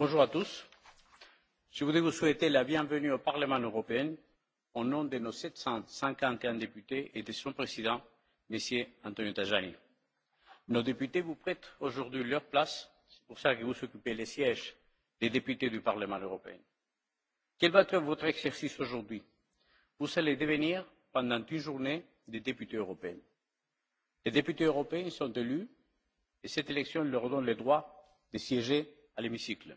bonjour à tous je voudrais vous souhaiter la bienvenue au parlement européen au nom de nos sept cent cinquante et un députés et de son président m. antonio tajani. nos députés vous prêtent aujourd'hui leur place c'est pour cela que vous occupez le siège des députés du parlement européen. quel va être votre exercice aujourd'hui? vous allez devenir pendant une journée des députés européens. les députés européens sont élus et cette élection leur donne le droit de siéger à l'hémicycle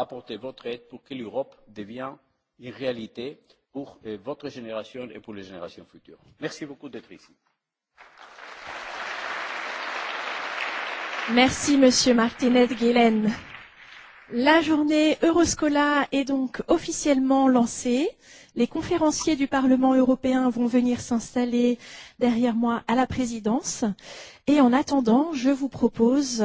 apporter votre aide pour que l'Europe devienne une réalité pour euh, votre génération et pour les générations futures. Merci beaucoup d'être ici. Merci, Monsieur Martinez Guillen. La journée Euroscola est donc officiellement lancée. Les conférenciers du Parlement européen vont venir s'installer derrière moi à la présidence. Et en attendant, je vous propose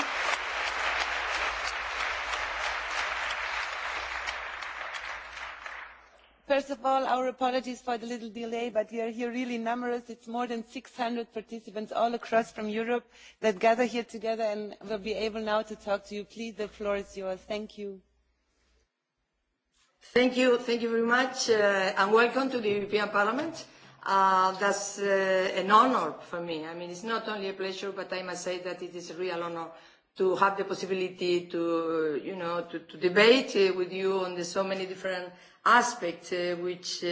first of all our apologies for the little delay but we are here really numerous it's more than six hundred participants all across from europe that gather here together and will be able now to talk to you. please the floor is yours. thank you. thank you thank you very much uh, and welcome to the european parliament. Uh, that's uh, an honor for me. i mean it's not only a pleasure but i must say that it is a real honor to have the possibility to, you know, to, to debate uh, with you on the so many different aspects uh, which, uh,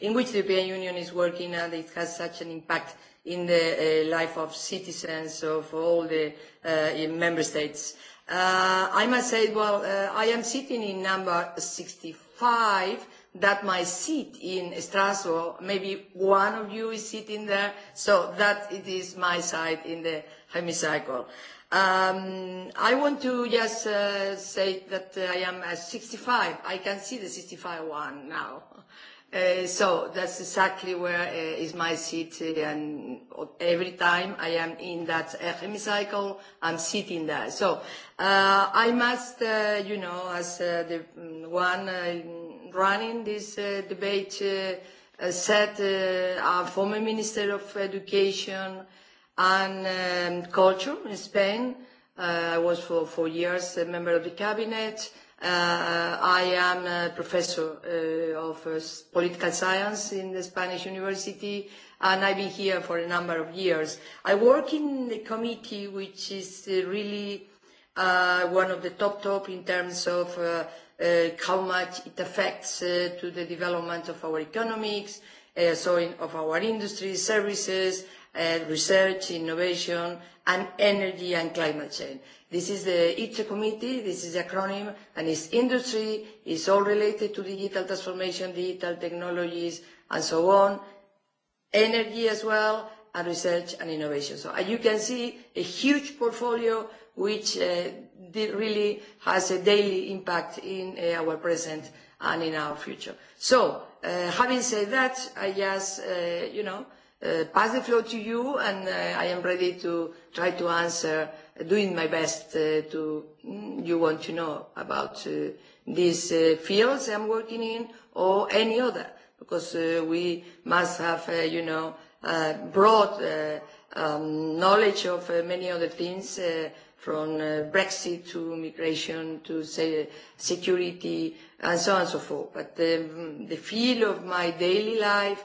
in which the European Union is working and it has such an impact in the uh, life of citizens of all the uh, in member states. Uh, I must say, well, uh, I am sitting in number 65 that my seat in Strasbourg, maybe one of you is sitting there, so that it is my side in the hemicycle. Um, I want to just uh, say that I am at 65. I can see the 65 one now. Uh, so that's exactly where uh, is my seat, uh, and every time I am in that uh, hemicycle, I'm sitting there. So uh, I must, uh, you know, as uh, the mm, one uh, running this uh, debate uh, said, uh, our former Minister of Education, and um, culture in Spain. Uh, I was for four years a member of the cabinet. Uh, I am a professor uh, of uh, political science in the Spanish University, and I've been here for a number of years. I work in the committee, which is uh, really uh, one of the top top in terms of uh, uh, how much it affects uh, to the development of our economics, uh, so in, of our industry, services, uh, research, innovation, and energy and climate change. This is the ITRE committee, this is the acronym, and it's industry, it's all related to digital transformation, digital technologies, and so on, energy as well, and research and innovation. So as you can see, a huge portfolio which uh, really has a daily impact in uh, our present and in our future. So uh, having said that, I just, uh, you know, uh, pass the floor to you, and uh, I am ready to try to answer, doing my best uh, to mm, you want to know about uh, these uh, fields I'm working in or any other, because uh, we must have, uh, you know, uh, broad uh, um, knowledge of uh, many other things. Uh, from uh, Brexit to migration to say, security and so on and so forth. But um, the field of my daily life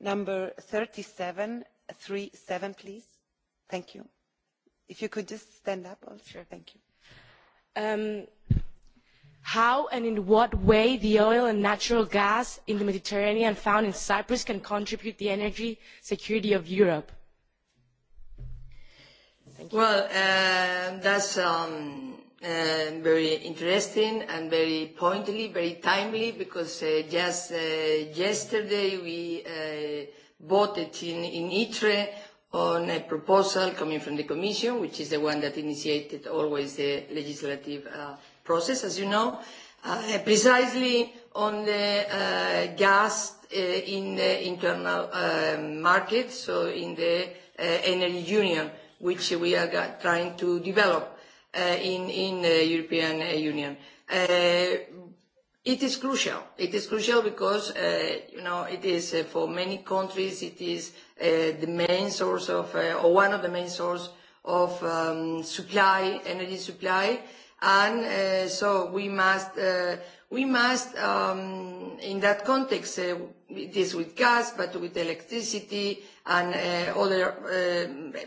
number thirty seven three seven please thank you if you could just stand up um, how and in what way the oil and natural gas in the mediterranean found in cyprus can contribute to the energy security of europe well uh, that's um and um, very interesting and very pointedly, very timely, because uh, just uh, yesterday we uh, voted in, in ITRE on a proposal coming from the Commission, which is the one that initiated always the legislative uh, process, as you know, uh, precisely on the uh, gas uh, in the internal uh, market, so in the uh, energy union, which we are uh, trying to develop uh, in, in the eh, European eh, Union. Uh, it is crucial. It is crucial because, uh, you know, it is uh, for many countries, it is uh, the main source of, uh, or one of the main source of um, supply, energy supply, and uh, so we must uh, we must um, in that context uh, it is with gas but with electricity and uh, other uh,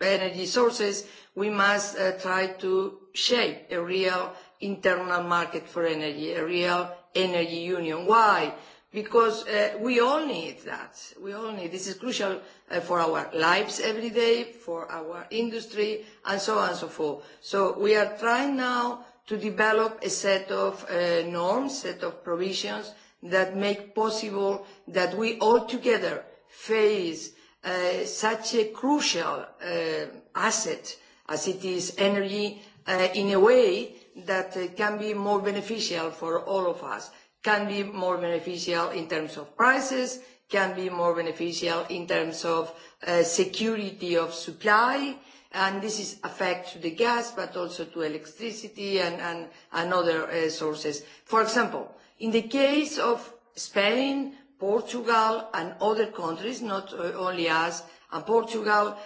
energy sources we must uh, try to shape a real internal market for energy a real energy union why because uh, we all need that. We all need. This is crucial uh, for our lives every day, for our industry, and so on and so forth. So we are trying now to develop a set of uh, norms, set of provisions that make possible that we all together face uh, such a crucial uh, asset as it is energy uh, in a way that uh, can be more beneficial for all of us can be more beneficial in terms of prices, can be more beneficial in terms of uh, security of supply, and this is affect to the gas, but also to electricity and, other uh, sources. For example, in the case of Spain, Portugal, and other countries, not uh, only us and Portugal,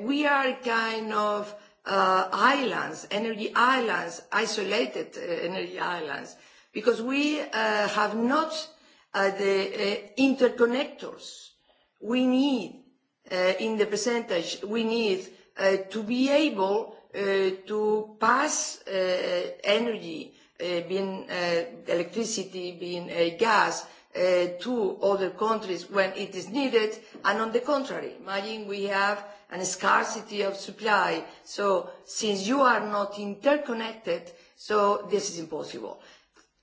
we are kind of islands, energy islands, isolated energy islands because we uh, have not uh, the uh, interconnectors we need uh, in the percentage we need uh, to be able uh, to pass uh, energy, uh, being uh, electricity, being uh, gas, uh, to other countries when it is needed. And on the contrary, imagine we have a scarcity of supply. So since you are not interconnected, so this is impossible.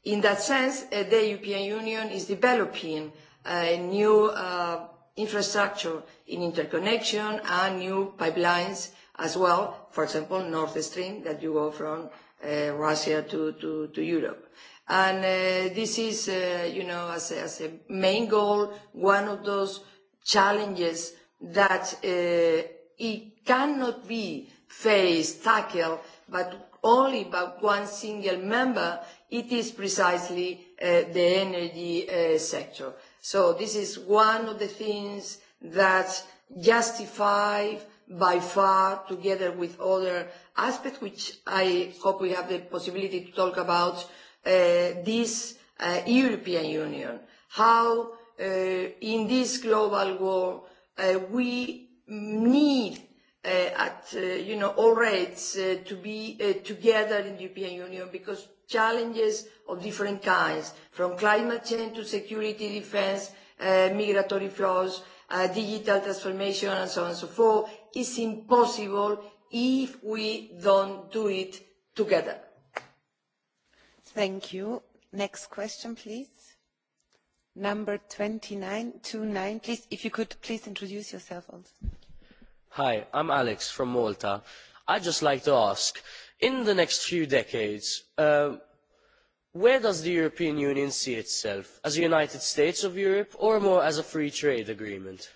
In that sense, uh, the European Union is developing a new uh, infrastructure in interconnection and new pipelines as well, for example, North Stream, that you go from uh, Russia to, to, to Europe. And uh, this is, uh, you know, as a, as a main goal, one of those challenges that uh, it cannot be faced, tackled, but only by one single member it is precisely uh, the energy uh, sector. So this is one of the things that justify by far, together with other aspects, which I hope we have the possibility to talk about, uh, this uh, European Union, how uh, in this global war uh, we need uh, at uh, you know all rates uh, to be uh, together in the European Union because challenges of different kinds, from climate change to security, defense, uh, migratory flows, uh, digital transformation, and so on and so forth, is impossible if we don't do it together. Thank you. Next question, please. Number 2929, Please, if you could please introduce yourself also. Hi, I'm Alex from Malta. I'd just like to ask, in the next few decades uh, where does the european union see itself as a united states of europe or more as a free trade agreement?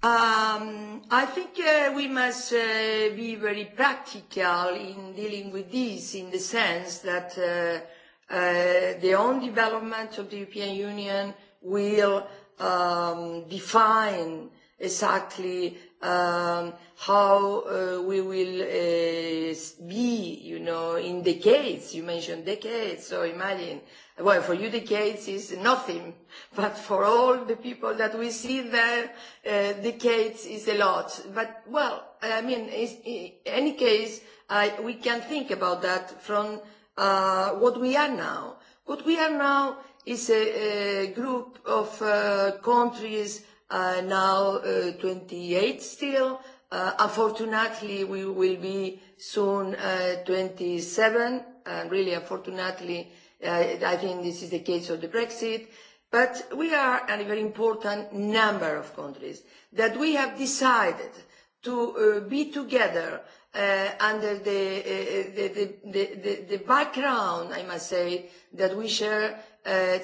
Um, I think uh, we must uh, be very practical in dealing with this in the sense that the own development of the European Union will um, define exactly um, how uh, we will uh, be, you know, in decades. You mentioned decades, so imagine. Well, for you, decades is nothing, but for all the people that we see there, uh, decades is a lot. But well, I mean, in any case, I, we can think about that from uh, what we are now. What we are now is a, a group of uh, countries uh, now uh, 28 still. Uh, unfortunately, we will be soon uh, 27, and uh, really unfortunately, uh, I think this is the case of the Brexit. But we are a very important number of countries that we have decided to uh, be together under the, uh, the, the, the, the background, I must say, that we share uh,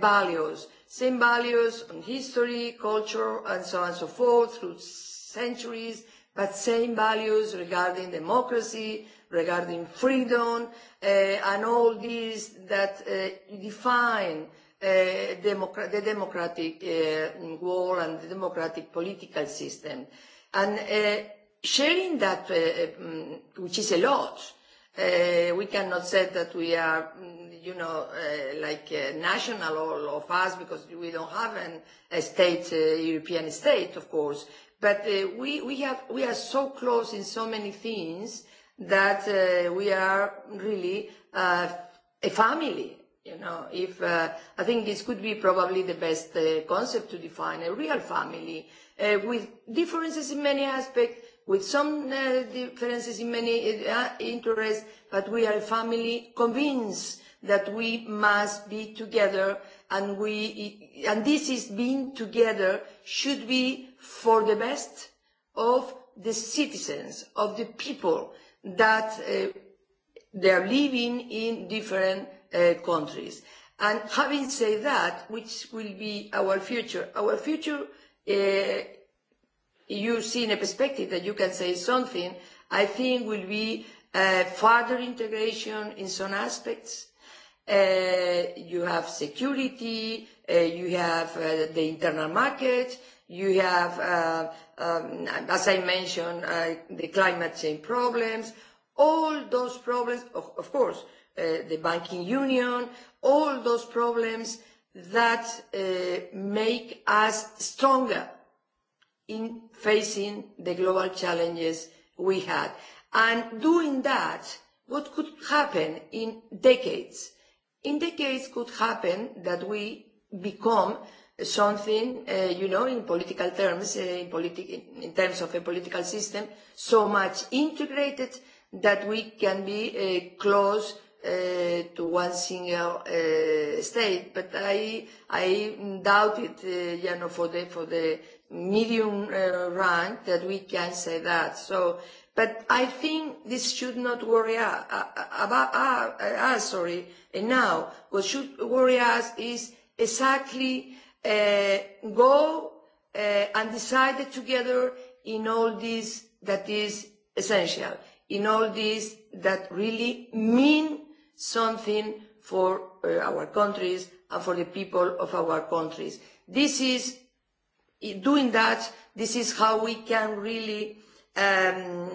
values same values on history, culture, and so on and so forth through centuries, but same values regarding democracy, regarding freedom, uh, and all these that uh, define uh, democ- the democratic uh, world and the democratic political system. And uh, sharing that, uh, um, which is a lot, uh, we cannot say that we are um, you know, uh, like uh, national all of us, because we don't have an, a state, uh, European state, of course. But uh, we, we, have, we are so close in so many things that uh, we are really uh, a family. You know, if uh, I think this could be probably the best uh, concept to define a real family uh, with differences in many aspects, with some uh, differences in many uh, interests, but we are a family convinced that we must be together and we and this is being together should be for the best of the citizens of the people that uh, they are living in different uh, countries and having said that which will be our future our future uh, you see in a perspective that you can say something i think will be uh, further integration in some aspects uh, you have security, uh, you have uh, the internal market, you have, uh, um, as I mentioned, uh, the climate change problems, all those problems, of, of course, uh, the banking union, all those problems that uh, make us stronger in facing the global challenges we had. And doing that, what could happen in decades? in the case could happen that we become something, uh, you know, in political terms, uh, in, politi- in terms of a political system, so much integrated that we can be uh, close uh, to one single uh, state. But I, I doubt it, uh, you know, for the, for the medium uh, run that we can say that. So But I think this should not worry us, about, uh, sorry, and now. What should worry us is exactly uh, go uh, and decide together in all this that is essential, in all this that really mean something for uh, our countries and for the people of our countries. This is, doing that, this is how we can really um,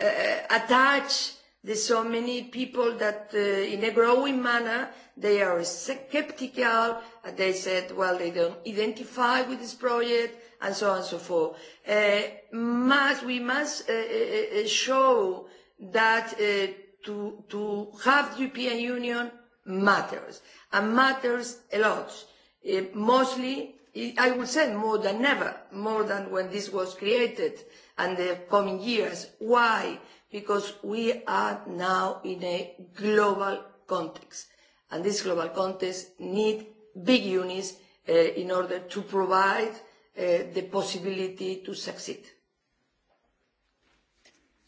uh, uh, attach the so many people that uh, in a growing manner they are skeptical and they said well they don't identify with this project and so on and so forth uh, must we must uh, uh, uh show that uh, to to have the european union matters and matters a lot uh, mostly i would say more than ever more than when this was created uh, and the coming years. Why? Because we are now in a global context, and this global context need big units uh, in order to provide uh, the possibility to succeed.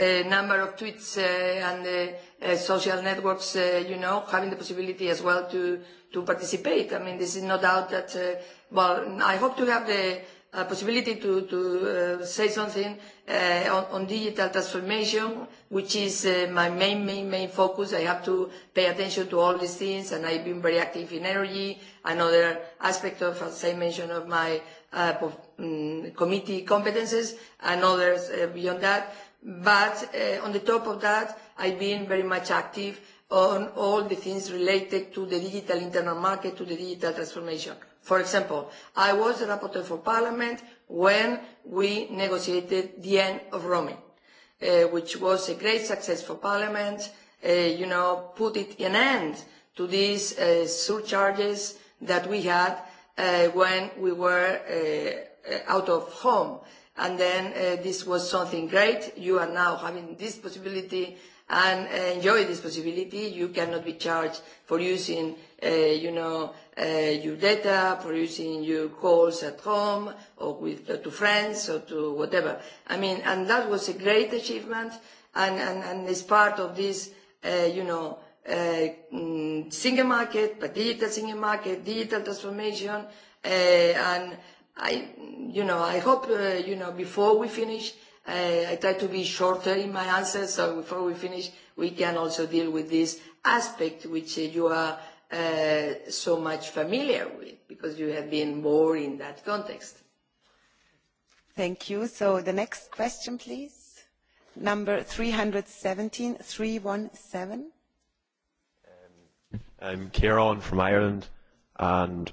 a uh, number of tweets uh, and uh, uh, social networks, uh, you know, having the possibility as well to, to participate. I mean, this is no doubt that, uh, well, I hope to have the uh, possibility to, to uh, say something uh, on, on digital transformation, which is uh, my main, main, main focus. I have to pay attention to all these things, and I've been very active in energy, another aspect of, as I mentioned, of my uh, um, committee competences, and others uh, beyond that But uh, on the top of that, I've been very much active on all the things related to the digital internal market, to the digital transformation. For example, I was the rapporteur for Parliament when we negotiated the end of roaming, uh, which was a great success for Parliament, uh, you know, put it an end to these uh, surcharges that we had uh, when we were uh, out of home and then uh, this was something great. You are now having this possibility and uh, enjoy this possibility. You cannot be charged for using, uh, you know, uh, your data, for using your calls at home or with uh, to friends or to whatever. I mean, and that was a great achievement, and and, and it's part of this, uh, you know. Uh, mm, single market, but digital single market, digital transformation, uh, and i, you know, I hope, uh, you know, before we finish, uh, I try to be shorter in my answers, so before we finish, we can also deal with this aspect which uh, you are uh, so much familiar with, because you have been more in that context. Thank you. So the next question, please. Number 317, 317. Um, I'm Ciarán from Ireland, and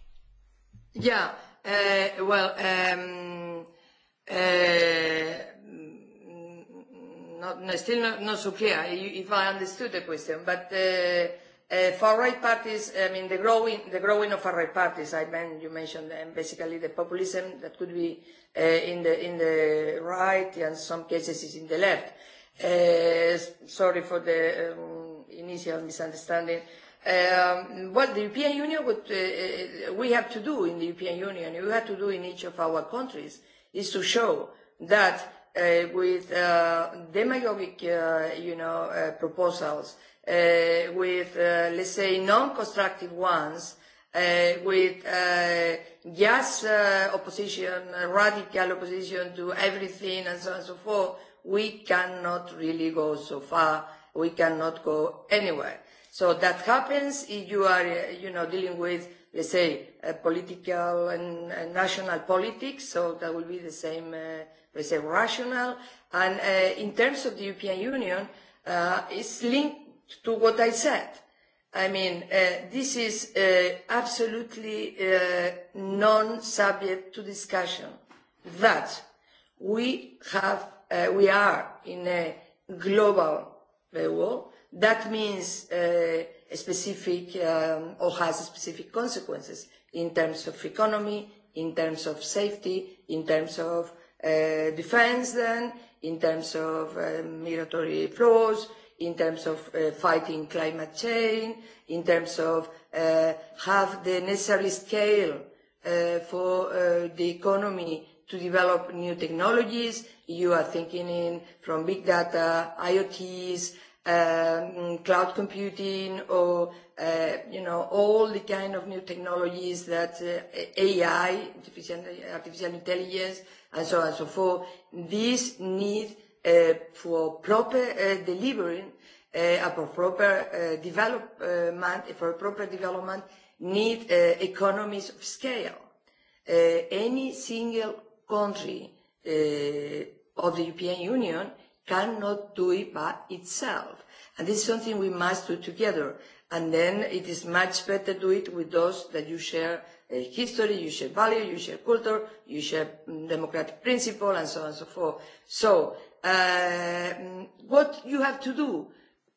Yeah. Uh, well, um, uh, not, no, still not, not so clear if I understood the question, but uh, uh, far-right parties, I mean, the growing, the growing of far-right parties, I meant, you mentioned um, basically the populism that could be uh, in, the, in the right, and some cases is in the left. Uh, sorry for the um, initial misunderstanding. Um, what the European Union, would, uh, uh, we have to do in the European Union, we have to do in each of our countries, is to show that uh, with uh, demagogic, uh, you know, uh, proposals, uh, with, uh, let's say, non-constructive ones, uh, with uh, just uh, opposition, uh, radical opposition to everything and so on and so forth, we cannot really go so far. We cannot go anywhere. So that happens if you are, uh, you know, dealing with, let's say, uh, political and uh, national politics, so that will be the same, uh, let's say, rational. And uh, in terms of the European Union, uh, it's linked to what I said. I mean, uh, this is uh, absolutely uh, non-subject to discussion that we have, uh, we are in a global uh, world, that means uh, specific um, or has specific consequences in terms of economy, in terms of safety, in terms of uh, defense then, in terms of uh, migratory flows, in terms of uh, fighting climate change, in terms of uh, have the necessary scale uh, for uh, the economy to develop new technologies. You are thinking in from big data, IoTs, um, cloud computing or uh, you know all the kind of new technologies that uh, AI, artificial, artificial intelligence, and so on and so forth. This need uh, for proper uh, delivering uh, for proper uh, development for proper development need uh, economies of scale. Uh, any single country uh, of the European Union cannot do it by itself. And this is something we must do together. And then it is much better to do it with those that you share a uh, history, you share value, you share culture, you share mm, democratic principle, and so on and so forth. So uh, what you have to do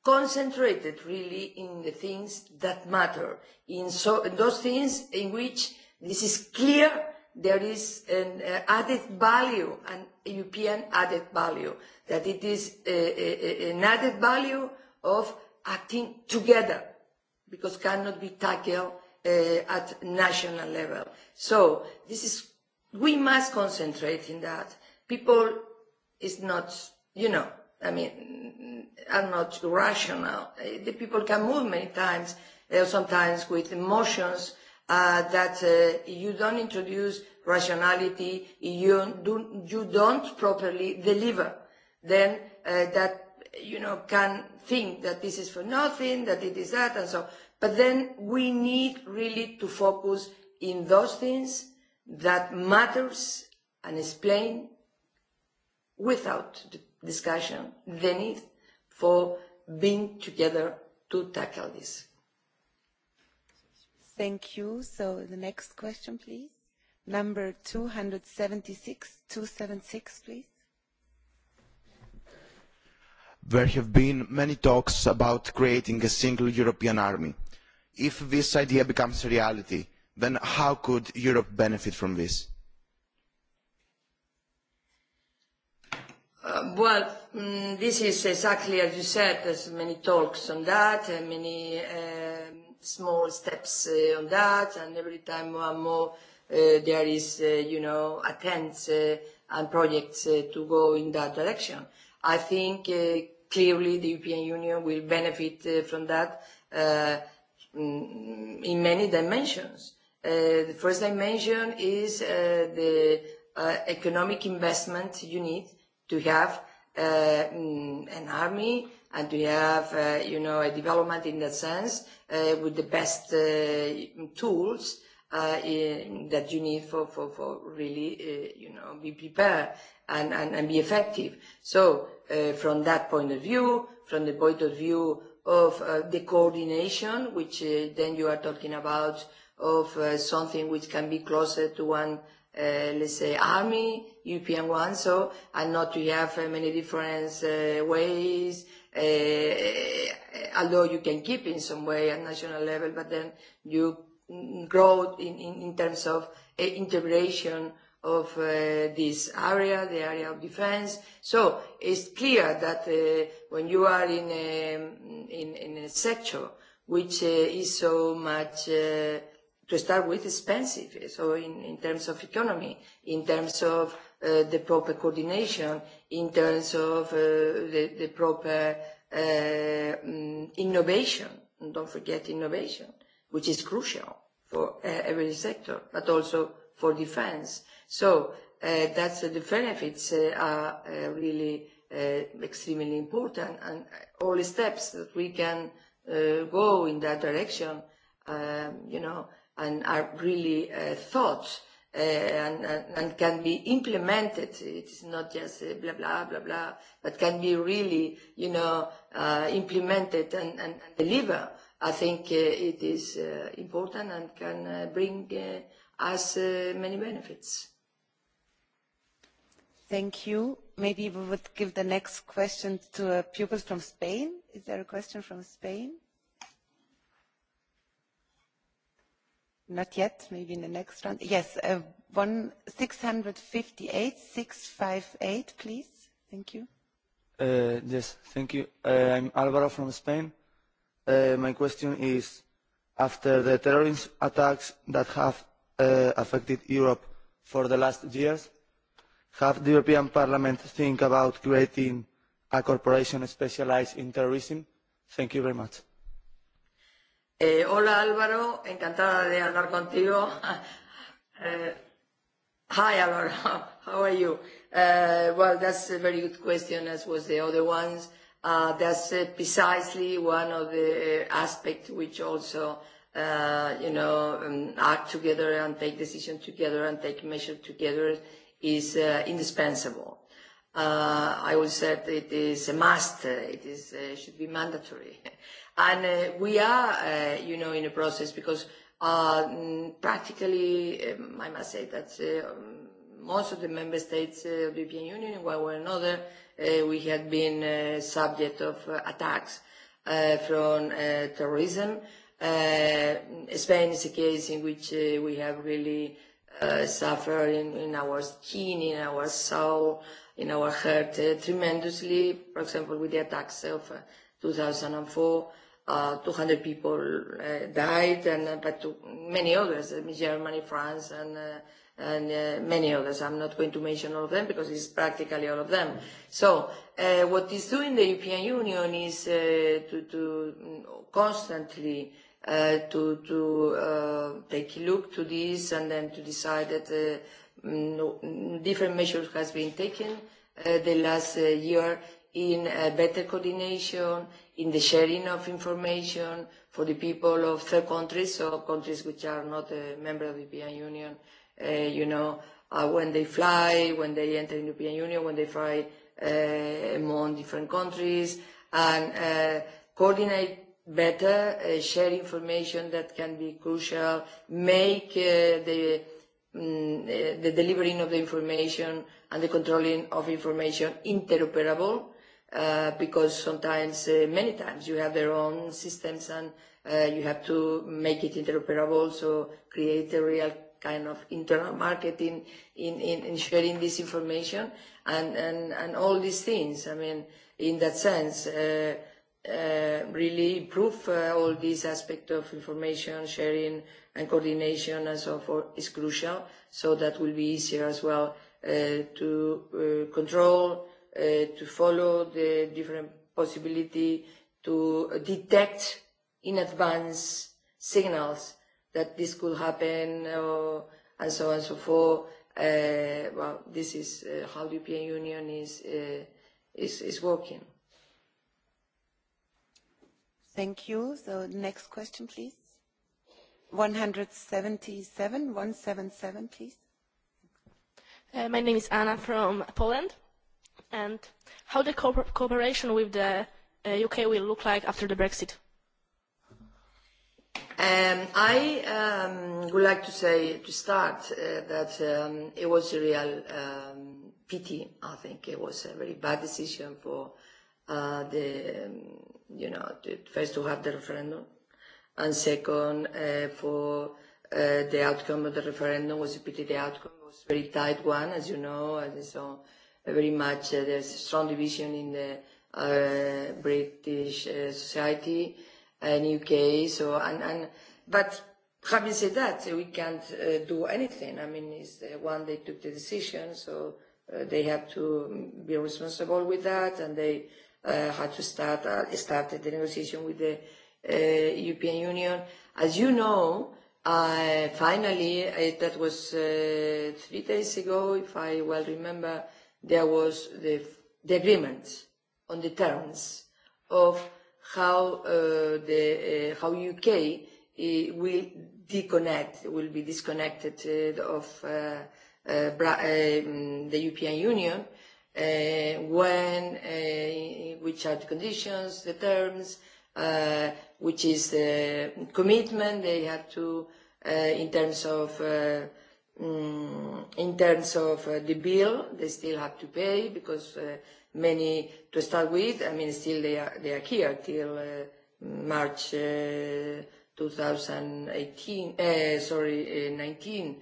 concentrated really in the things that matter, in, so, in those things in which this is clear there is an uh, added value, an European added value, that it is uh a, uh, a, uh, an added value of acting together, because cannot be tackled uh, at national level. So this is, we must concentrate in that. People is not, you know, I mean, are not rational. The people can move many times, uh, sometimes with emotions, uh, that uh, you don't introduce rationality, you, do, you don't properly deliver, then uh, that you know can think that this is for nothing, that it is that, and so. But then we need really to focus in those things that matters and explain without discussion the need for being together to tackle this. Thank you. So the next question, please. Number 276, 276, please. There have been many talks about creating a single European army. If this idea becomes a reality, then how could Europe benefit from this? Uh, well, mm, this is exactly as you said, there's many talks on that, and uh, many uh, small steps uh, on that, and every time more and more uh, there is, uh, you know, attempts uh, and projects uh, to go in that direction. I think uh, clearly the European Union will benefit uh, from that uh, mm, in many dimensions. Uh, the first dimension is uh, the uh, economic investment you need to have uh, mm, an army and to have, uh, you know, a development in that sense uh, with the best uh, tools uh, in, that you need for, for, for really, uh, you know, be prepared and, and, and be effective. So uh, from that point of view, from the point of view of uh, the coordination, which uh, then you are talking about of uh, something which can be closer to one, uh, let's say, army, European one, so, and not to have uh, many different uh, ways uh, although you can keep in some way at national level, but then you grow in, in, in terms of uh, integration of uh, this area, the area of defense. So it's clear that uh, when you are in a, in, in a sector which uh, is so much, uh, to start with, expensive, so in, in terms of economy, in terms of uh, the proper coordination, in terms of uh, the, the proper uh, mm, innovation. And don't forget innovation, which is crucial for uh, every sector, but also for defense. So uh, that's uh, the benefits uh, are uh, really uh, extremely important, and all the steps that we can uh, go in that direction, um, you know, and are really uh, thought uh, and, and, and can be implemented. It's not just blah, blah, blah, blah, but can be really, you know, uh, implemented and, and, and deliver. I think uh, it is uh, important and can uh, bring uh, us uh, many benefits. Thank you. Maybe we would give the next question to a pupil from Spain. Is there a question from Spain? Not yet, maybe in the next round. Yes, uh, one 658, 658, please. Thank you. Uh, yes, thank you. Uh, I'm Alvaro from Spain. Uh, my question is, after the terrorist attacks that have uh, affected Europe for the last years, have the European Parliament think about creating a corporation specialized in terrorism? Thank you very much. Eh, hola Álvaro, encantada de hablar contigo. uh, hi Álvaro, how are you? Uh, well, that's a very good question, as was the other ones. Uh, that's uh, precisely one of the uh, aspects which also, uh, you know, um, act together and take decisions together and take measures together is uh, indispensable. Uh, I would say it is a must. It is, uh, should be mandatory. And uh, we are, uh, you know, in a process because uh, mm, practically, um, I must say that uh, um, most of the member states uh, of the European Union, one way or another, uh, we had been uh, subject of uh, attacks uh, from uh, terrorism. Uh, Spain is a case in which uh, we have really uh, suffered in, in our skin, in our soul, in our heart uh, tremendously, for example, with the attacks of uh, 2004 uh, 200 people uh, died, and uh, but to many others, uh, Germany, France, and, uh, and uh, many others. I'm not going to mention all of them because it's practically all of them. So uh, what is doing the European Union is uh, to, to mm, constantly uh, to, to uh, take a look to this and then to decide that uh, mm, no, different measures has been taken uh, the last uh, year in a uh, better coordination, in the sharing of information for the people of third countries, so countries which are not a member of the European Union, uh, you know, uh, when they fly, when they enter the European Union, when they fly uh, among different countries, and uh, coordinate better, uh, share information that can be crucial, make uh, the mm, uh, the delivering of the information and the controlling of information interoperable uh, because sometimes, uh, many times, you have their own systems and uh, you have to make it interoperable, so create a real kind of internal market in, in, in, in sharing this information and, and, and all these things. I mean, in that sense, uh, uh, really improve uh, all these aspects of information sharing and coordination and so forth is crucial. So that will be easier as well uh, to uh, control uh, to follow the different possibility to detect in advance signals that this could happen uh, and so on and so forth. Uh, well, this is uh, how the European Union is, uh, is, is working. Thank you. So next question, please. 177, 177, please. Uh, my name is Anna from Poland and how the co cooperation with the uh, UK will look like after the Brexit? Um, I um, would like to say to start uh, that um, it was a real um, pity. I think it was a very bad decision for uh, the um, you know to, first to have the referendum, and second uh, for uh, the outcome of the referendum was a pity. The outcome was a very tight one, as you know, and so very much. Uh, there's strong division in the uh, British uh, society and uh, UK. So, and, and but having said that, we can't uh, do anything. I mean, it's the one they took the decision, so uh, they have to be responsible with that, and they uh, had to start uh, started the negotiation with the uh, European Union. As you know, uh, finally, uh, that was uh, three days ago, if I well remember, there was the, the agreement on the terms of how uh, the uh, how UK uh, will disconnect will be disconnected uh, of uh, uh, Bra- um, the European Union uh, when uh, which are the conditions the terms uh, which is the commitment they have to uh, in terms of uh, um, in terms of uh, the bill they still have to pay because uh, many to start with i mean still they are they are here till uh, march uh, 2018 uh, sorry uh, 19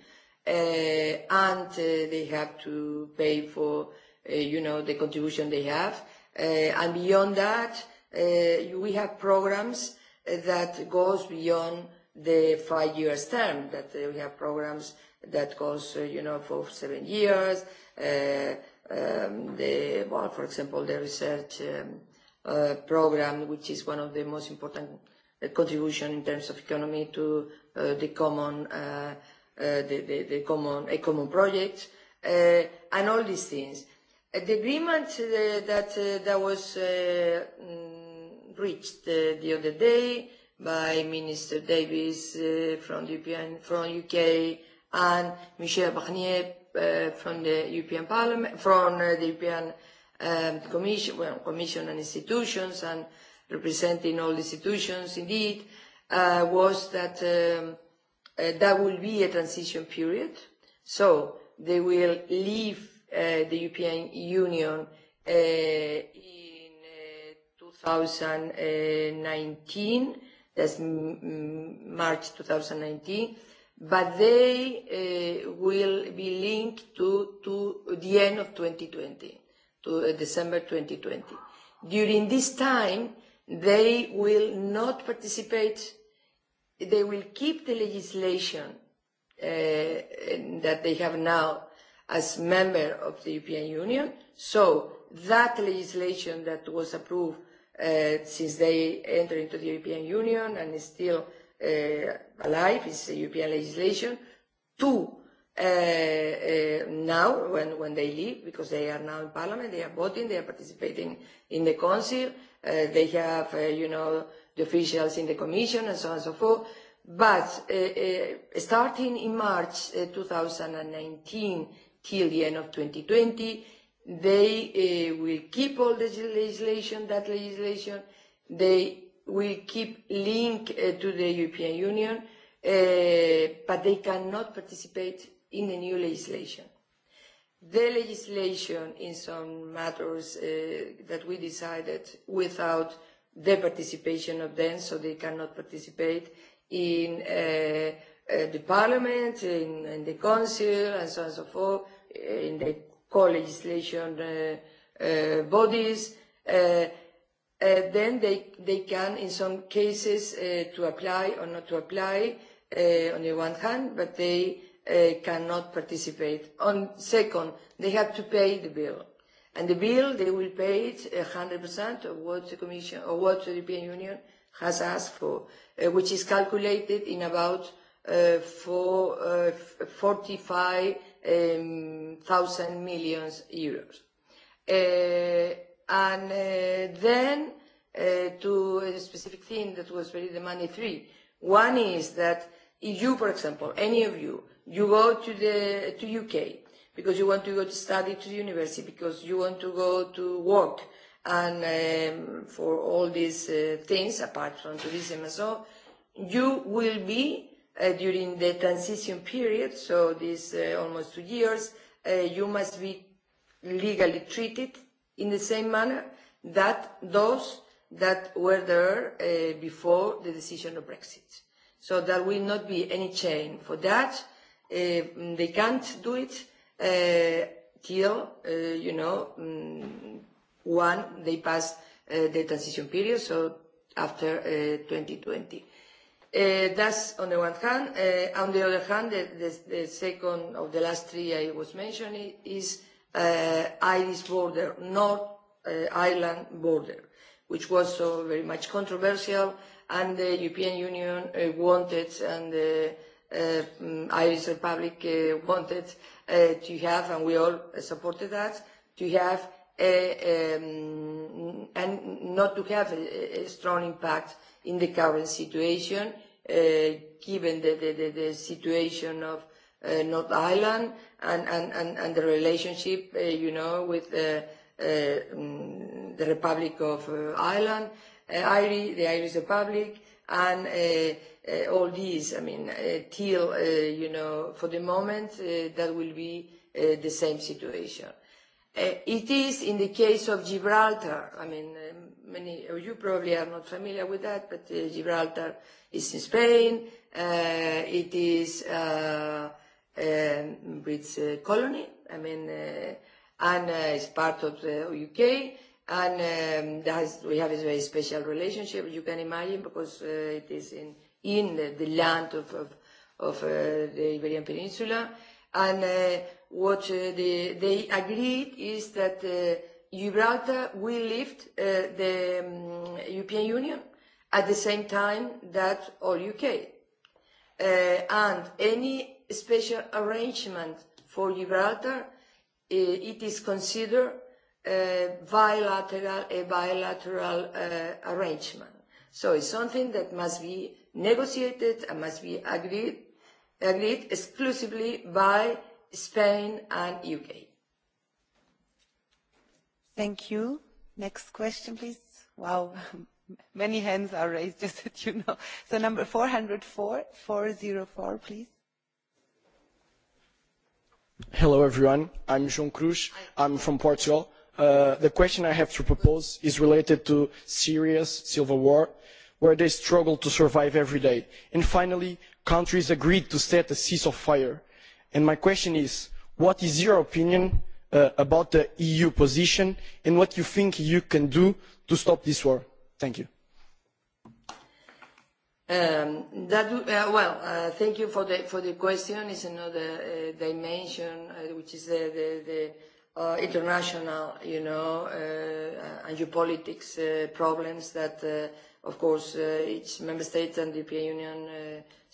uh, and uh, they have to pay for uh, you know the contribution they have uh, and beyond that uh, we have programs uh, that goes beyond the five years term that uh, we have programs that goes, uh, you know, for seven years. Uh, um, the, well, for example, the research um, uh, program, which is one of the most important uh, contribution in terms of economy to uh, the common, uh, uh, the, the, the common, a common project, uh, and all these things. Uh, the agreement uh, that uh, that was uh, mm, reached uh, the other day by Minister Davies uh, from the European, from UK, and Michel Barnier uh, from the European Parliament, from uh, the European um, Commission, well, Commission and institutions, and representing all the institutions indeed, uh, was that um, uh, that will be a transition period. So they will leave uh, the European Union uh, in uh, 2019, that's m- March 2019, but they uh, will be linked to, to the end of 2020, to uh, December 2020. During this time, they will not participate. They will keep the legislation uh, that they have now as member of the European Union. So that legislation that was approved uh, since they entered into the European Union and is still uh, alive, it's European legislation, to uh, uh, now, when, when they leave, because they are now in Parliament, they are voting, they are participating in the Council, uh, they have, uh, you know, the officials in the Commission and so on and so forth. But uh, uh, starting in March uh, 2019 till the end of 2020, they uh, will keep all the legislation, that legislation. They we keep linked uh, to the European Union, uh, but they cannot participate in the new legislation. The legislation in some matters uh, that we decided without the participation of them, so they cannot participate in uh, uh, the parliament, in, in the council, and so on and so forth, in the co-legislation uh, uh, bodies. Uh, Uh, then they, they can, in some cases, uh, to apply or not to apply uh, on the one hand, but they uh, cannot participate. On second, they have to pay the bill. And the bill, they will pay it 100% of what the Commission or what the European Union has asked for, uh, which is calculated in about uh, four, uh, 45,000 um, million euros. Uh, and uh, then uh, to a specific thing that was very demanding three. One is that if you, for example, any of you, you go to the to UK because you want to go to study to the university, because you want to go to work, and um, for all these uh, things, apart from tourism and so, you will be uh, during the transition period, so this uh, almost two years, uh, you must be legally treated in the same manner that those that were there uh, before the decision of Brexit. So there will not be any change for that. Uh, they can't do it uh, till, uh, you know, mm, one, they pass the transition period, so after 2020. that's on the one hand. on the other hand, the, the, the second of the last three I was mentioning is uh, Irish border, North uh, Ireland border which was so very much controversial, and the European Union uh, wanted, and the uh, uh, Irish Republic uh, wanted uh, to have, and we all supported that, to have a, um, and not to have a, a strong impact in the current situation, uh, given the, the, the, the situation of uh, North Ireland and, and, and, and the relationship, uh, you know, with uh, uh, um, the Republic of uh, Ireland, uh, IRI, the Irish Republic, and uh, uh, all these. I mean, uh, till, uh, you know, for the moment, uh, that will be uh, the same situation. Uh, it is in the case of Gibraltar. I mean, uh, many of you probably are not familiar with that, but uh, Gibraltar is in Spain. Uh, it is uh, uh, um, British uh, colony. I mean, uh, and uh, is part of the UK and um, that has, we have a very special relationship, you can imagine, because uh, it is in, in the, the land of, of, of uh, the Iberian Peninsula. And uh, what uh, the, they agreed is that uh, Gibraltar will lift uh, the um, European Union at the same time that all UK. Uh, and any special arrangement for Gibraltar, uh, it is considered uh, bilateral, a bilateral uh, arrangement. So it's something that must be negotiated and must be agreed, agreed exclusively by Spain and UK. Thank you. Next question, please. Wow, many hands are raised, just that you know. So number 404, 404, please. Hello, everyone. I'm João Cruz. I'm from Portugal Uh, the question I have to propose is related to Syria's civil war, where they struggle to survive every day. And finally, countries agreed to set a ceasefire. And my question is, what is your opinion uh, about the EU position and what you think you can do to stop this war? Thank you. Um, that, uh, well, uh, thank you for the, for the question. It's another uh, dimension, uh, which is the, the, the uh, international, you know, uh, and geopolitics uh, problems that, uh, of course, uh, each member state and the European Union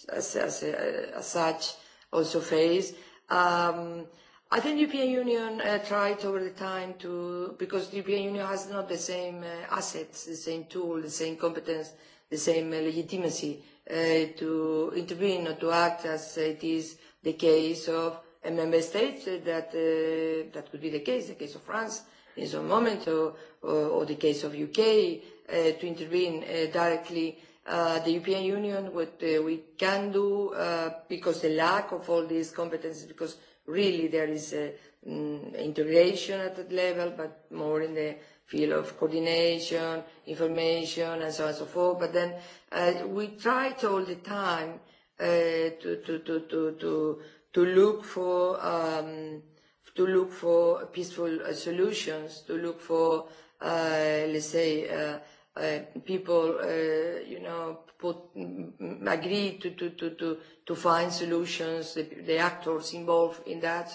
uh, as, as, uh, as such also face. Um, I think the European Union uh, tried over the time to, because the European Union has not the same uh, assets, the same tool, the same competence, the same uh, legitimacy uh, to intervene or to act as it is the case of a member state that uh, that could be the case, the case of France in some moment, or, or, or the case of UK, uh, to intervene uh, directly. Uh, the European Union, what uh, we can do, uh, because the lack of all these competences, because really there is a, uh, um, mm, integration at that level, but more in the field of coordination, information, and so on and so forth. But then uh, we try to all the time uh, to, to, to, to, to to look for um, to look for peaceful uh, solutions, to look for uh, let's say uh, uh, people uh, you know put, m agree to, to, to, to, to find solutions, the, the actors involved in that,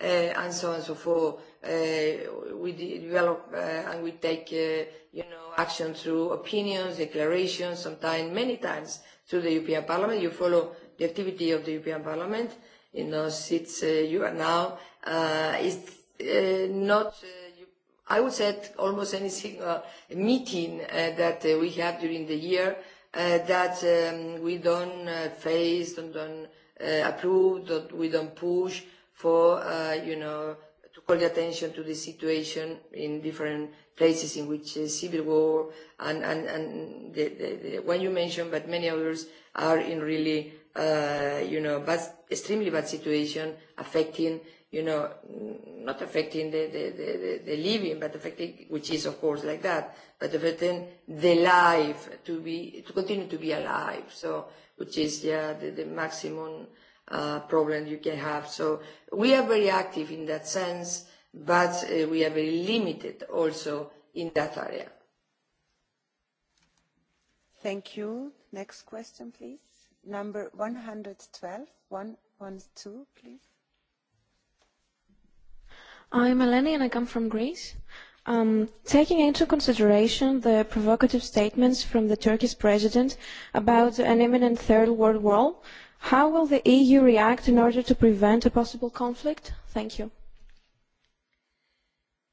uh, and so on and so forth. Uh, we develop uh, and we take uh, you know action through opinions, declarations, sometimes many times through the European Parliament. You follow the activity of the European Parliament you know, seats uh, you are now, uh, is uh, not, uh, you, I would say, almost any single meeting uh, that uh, we have during the year uh, that um, we don't uh, face, don't, don't uh, approve, don't we don't push for, uh, you know, to call the attention to the situation in different places in which uh, civil war and, and, and the, the, the one you mentioned, but many others are in really uh, you know, bad, extremely bad situation affecting, you know, not affecting the the, the, the, the living, but affecting, which is of course like that, but affecting the life to be, to continue to be alive. So, which is, yeah, the, the maximum uh, problem you can have. So we are very active in that sense, but uh, we are very limited also in that area. Thank you. Next question, please i'm eleni and i come from greece um, taking into consideration the provocative statements from the turkish president about an imminent third world war how will the eu react in order to prevent a possible conflict thank you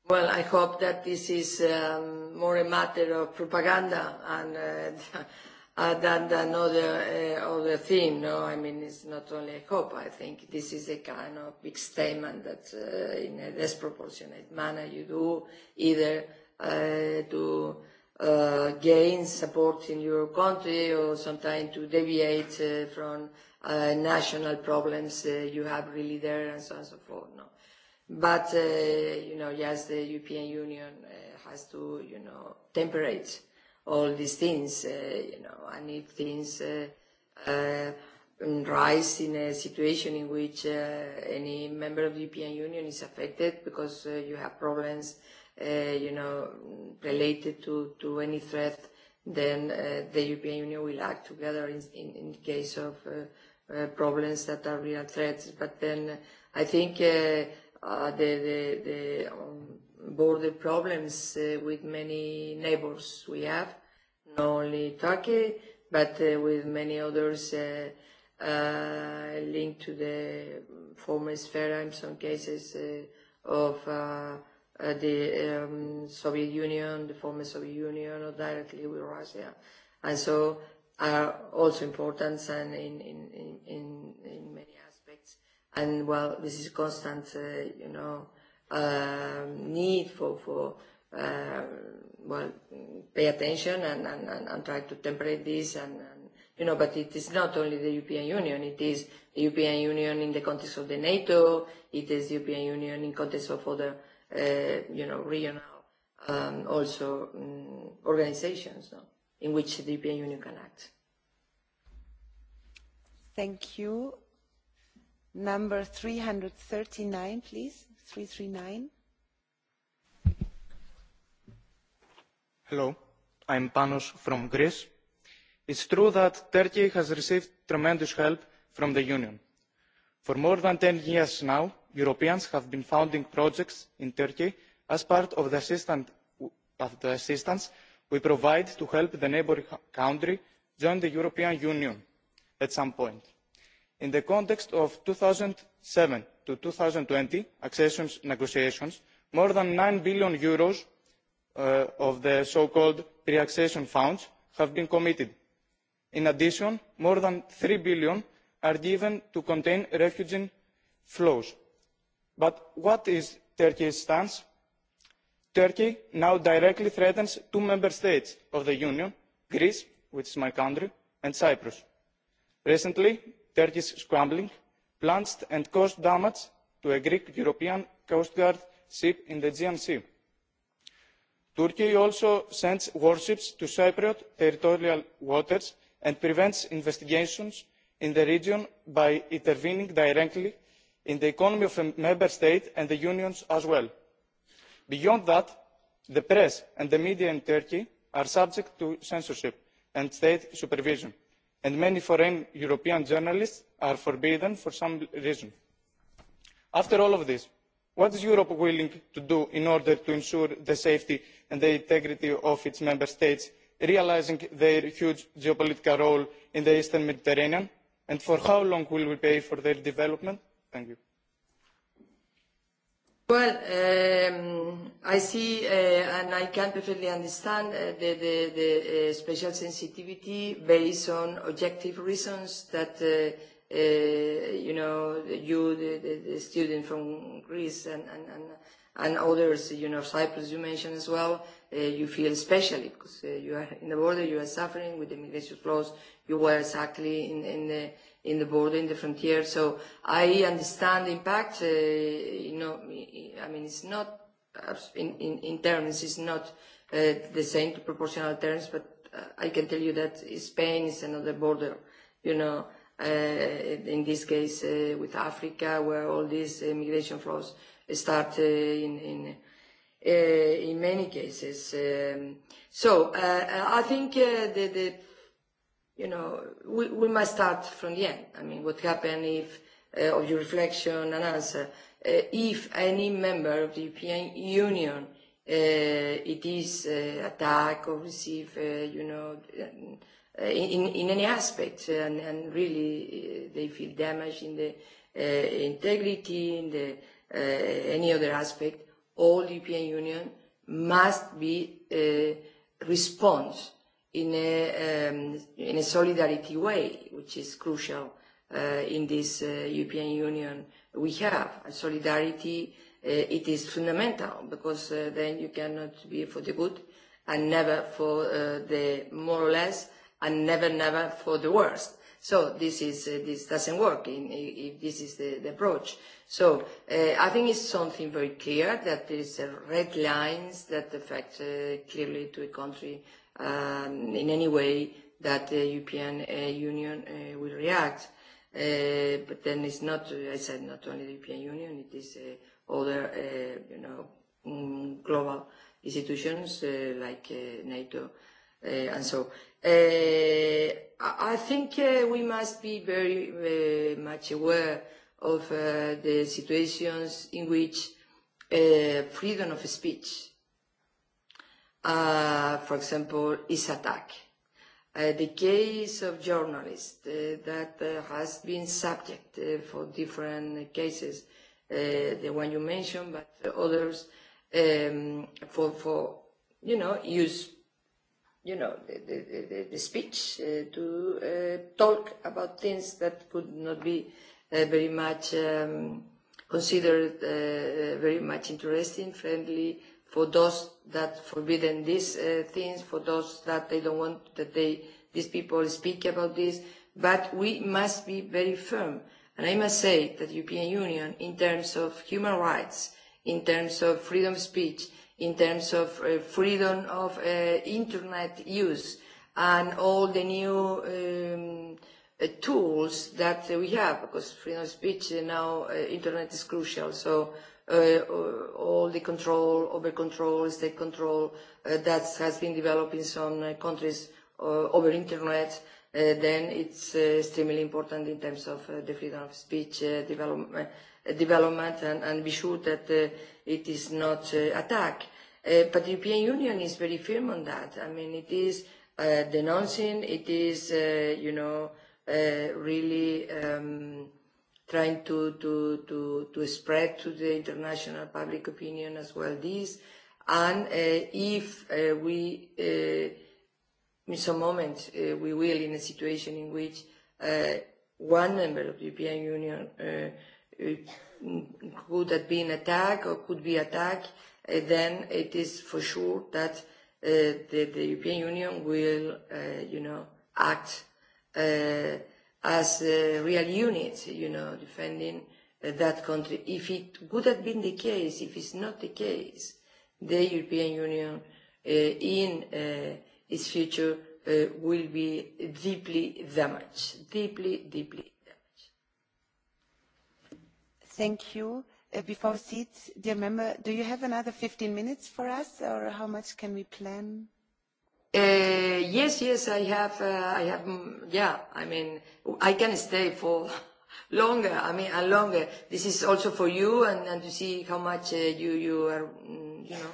well i hope that this is um, more a matter of propaganda and uh, uh, than another uh, other thing. No, I mean it's not only a hope. I think this is a kind of big statement that, uh, in a disproportionate manner, you do either uh, to uh, gain support in your country or sometimes to deviate uh, from uh, national problems uh, you have really there and so on and so forth. No. But, uh, you know, yes, the European Union uh, has to, you know, temperate all these things, uh, you know, and if things uh, uh, rise in a situation in which uh, any member of the European Union is affected because uh, you have problems, uh, you know, related to, to any threat, then uh, the European Union will act together in, in, in case of uh, uh, problems that are real threats. But then I think uh, uh, the, the, the um, border problems uh, with many neighbors we have, not only Turkey, but uh, with many others uh, uh, linked to the former sphere in some cases uh, of uh, uh, the um, Soviet Union, the former Soviet Union, or directly with Russia. And so are also important and in, in, in, in, in many aspects. And well, this is constant, uh, you know, uh, uh, need for, for uh, well, pay attention and, and, and, and try to temperate this. And, and you know, but it is not only the European Union; it is the European Union in the context of the NATO. It is the European Union in context of other, uh, you know, regional um, also um, organizations no? in which the European Union can act. Thank you. Number 339, please. 339. Hello, I'm Panos from Greece. It's true that Turkey has received tremendous help from the Union. For more than ten years now, Europeans have been founding projects in Turkey as part of the, assistance we provide to help the neighbouring country join the European Union at some point. In the context of two thousand the seven two thousand and twenty accession negotiations more than eur nine billion uh, of the so called pre accession funds have been committed. in addition more than eur three billion are given to contain refugee flows. but what is turkey's stance? turkey now directly threatens two member states of the union greece which is my country and cyprus. recently turkey is scrambling plunged and caused damage to a greek european coast guard ship in the aegean sea. turkey also sends warships to cypriot territorial waters and prevents investigations in the region by intervening directly in the economy of a member state and the union's as well. beyond that the press and the media in turkey are subject to censorship and state supervision and many foreign European journalists are forbidden for some reason. After all of this, what is Europe willing to do in order to ensure the safety and the integrity of its member states, realising their huge geopolitical role in the Eastern Mediterranean? And for how long will we pay for their development? Well, um, I see, uh, and I can perfectly understand uh, the, the, the uh, special sensitivity based on objective reasons that, uh, uh, you know, you, the, the, the student from Greece and, and, and, and others, you know, Cyprus you mentioned as well, uh, you feel especially because uh, you are in the border, you are suffering with the migration flows, you were exactly in, in the in the border, in the frontier. So I understand the impact. Uh, you know, I mean, it's not in, in, in terms, it's not uh, the same to proportional terms, but uh, I can tell you that Spain is another border, you know, uh, in this case uh, with Africa, where all these immigration flows start uh, in, in, uh, in many cases. Um, so uh, I think uh, the, the you know, we, we must start from the end. I mean, what happened if, uh, of your reflection and answer, uh, if any member of the European Union uh, it is uh, attacked or receive, uh, you know, uh, in, in any aspect, uh, and, and really uh, they feel damaged in the uh, integrity, in the, uh, any other aspect, all the European Union must be uh, response in a, um, in a solidarity way, which is crucial uh, in this uh, European Union we have. And solidarity, uh, it is fundamental because uh, then you cannot be for the good and never for uh, the more or less and never, never for the worst. So this is uh, this doesn't work in, if this is the, the approach. So uh, I think it's something very clear that there is a red lines that affect uh, clearly to a country um, in any way that the European uh, Union uh, will react. Uh, but then it's not, uh, I said, not only the European Union, it is other, uh, you know, mm, global institutions uh, like uh, NATO and so. I think uh, we must be very much aware of uh, the situations in which uh, freedom of speech uh, for example, is attack. Uh, the case of journalists uh, that uh, has been subject uh, for different cases, uh, the one you mentioned, but others, um, for, for, you know, use, you know, the, the, the, the speech uh, to uh, talk about things that could not be uh, very much um, considered uh, very much interesting, friendly, for those that forbidden these uh, things, for those that they don't want that they these people speak about this. But we must be very firm. And I must say that the European Union, in terms of human rights, in terms of freedom of speech, in terms of uh, freedom of uh, internet use, and all the new um, uh, tools that we have, because freedom of speech uh, now uh, internet is crucial. So uh, all the control, over control, state control uh, that has been developed in some uh, countries uh, over internet, uh, then it's uh, extremely important in terms of uh, the freedom of speech uh, development, uh, development and, and be sure that uh, it is not uh, attacked. Uh, but the European Union is very firm on that. I mean, it is uh, denouncing, it is, uh, you know, uh, really um, trying to, to, to, to spread to the international public opinion as well this. And uh, if uh, we, uh, in some moment, uh, we will in a situation in which uh, one member of the European Union uh, uh, could have been attacked or could be attacked, uh, then it is for sure that uh, the, the European Union will, uh, you know, act uh, as a uh, real unit, you know, defending uh, that country. If it would have been the case, if it's not the case, the European Union uh, in uh, its future uh, will be deeply damaged, deeply, deeply damaged. Thank you. Uh, before seats, dear member, do you have another 15 minutes for us, or how much can we plan? Uh, yes, yes, I have, uh, I have, mm, yeah, I mean, I can stay for longer, I mean, and longer. This is also for you and, and to see how much uh, you, you are, mm, you know,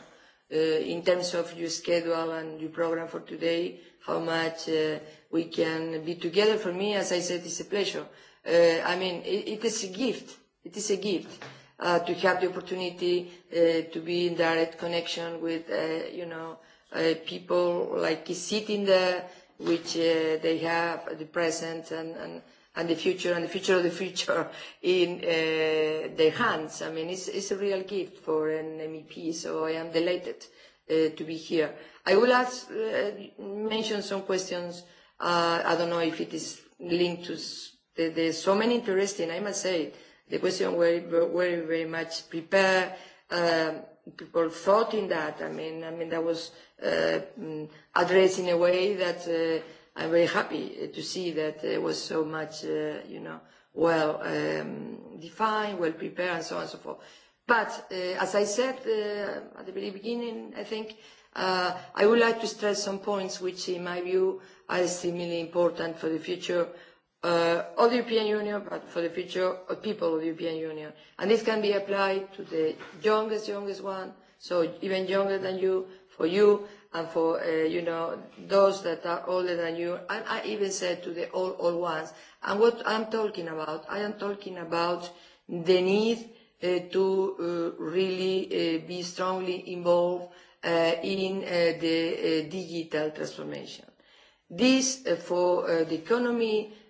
uh, in terms of your schedule and your program for today, how much uh, we can be together. For me, as I said, it's a pleasure. Uh, I mean, it, it is a gift. It is a gift uh, to have the opportunity uh, to be in direct connection with, uh, you know, uh, people like sitting there, which uh, they have the present and, and, and the future and the future of the future in uh, their hands. I mean, it's, it's a real gift for an MEP, so I am delighted uh, to be here. I will ask, uh, mention some questions. Uh, I don't know if it is linked to the, the so many interesting, I must say, the question were very, very much prepared. Um, people thought in that. I mean, I mean that was uh, mm, addressed in a way that uh, I'm very happy uh, to see that it was so much, uh, you know, well um, defined, well prepared, and so on and so forth. But uh, as I said uh, at the very beginning, I think uh, I would like to stress some points which, in my view, are extremely important for the future uh, of the European Union, but for the future, of people of the European Union. And this can be applied to the youngest, youngest one, so even younger than you, for you, and for, uh, you know, those that are older than you. And I even said to the old, old ones. And what I'm talking about, I am talking about the need uh, to uh, really uh, be strongly involved uh, in uh, the uh, digital transformation. This uh, for uh, the economy,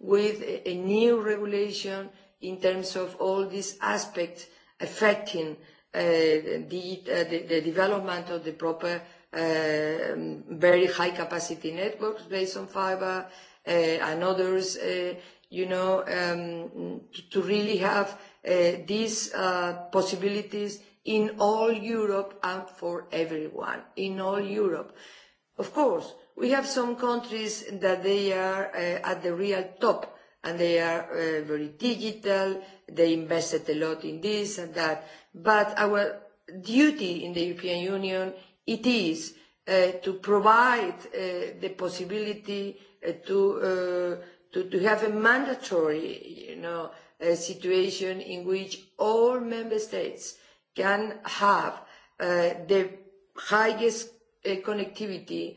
with a, new regulation in terms of all these aspects affecting uh, the, uh, the, the development of the proper uh, very high capacity networks based on fiber uh, and others, uh, you know, um, to, to really have uh, these uh, possibilities in all Europe and for everyone, in all Europe. Of course, We have some countries that they are uh, at the real top and they are uh, very digital, they invested a lot in this and that. But our duty in the European Union, it is uh, to provide uh, the possibility uh, to, uh, to, to have a mandatory you know, uh, situation in which all member states can have uh, the highest uh, connectivity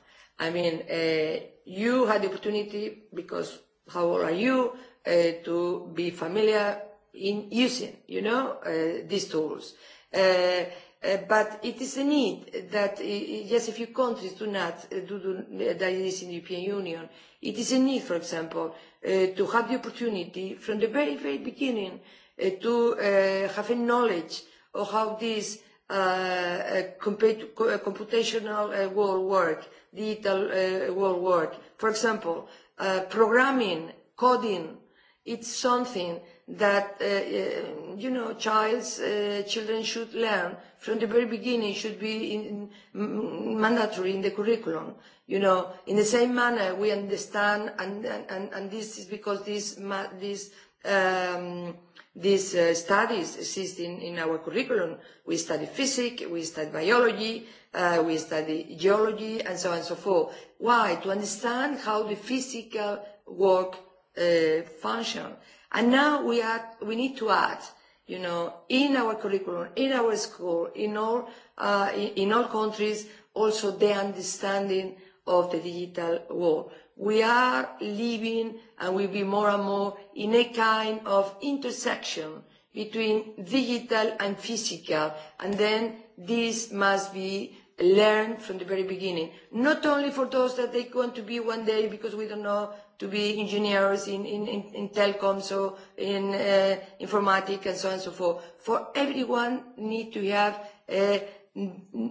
i mean, uh, you had the opportunity, because how old are you, uh, to be familiar in using, you know, uh, these tools. Uh, uh, but it is a need that uh, just a few countries do not uh, do, do uh, that is in the European Union. It is a need, for example, uh, to have the opportunity from the very, very beginning uh, to uh, have a knowledge of how these Uh, uh, uh, computational uh, world work, digital uh, world work. For example, uh, programming, coding, it's something that, uh, uh you know, child's, uh, children should learn from the very beginning, should be in, in, mandatory in the curriculum. You know, in the same manner we understand, and, and, and this is because this, this um, these uh, studies exist in, in our curriculum. We study physics, we study biology, uh, we study geology, and so on and so forth. Why? To understand how the physical work uh, function. And now we, add we need to add, you know, in our curriculum, in our school, in all, uh, in, in all countries, also the understanding of the digital world. We are living and will be more and more in a kind of intersection between digital and physical, and then this must be learned from the very beginning, not only for those that they want to be one day because we don't know to be engineers in, in, in, in telecoms or in uh, informatics and so on and so forth. For everyone need to have a uh,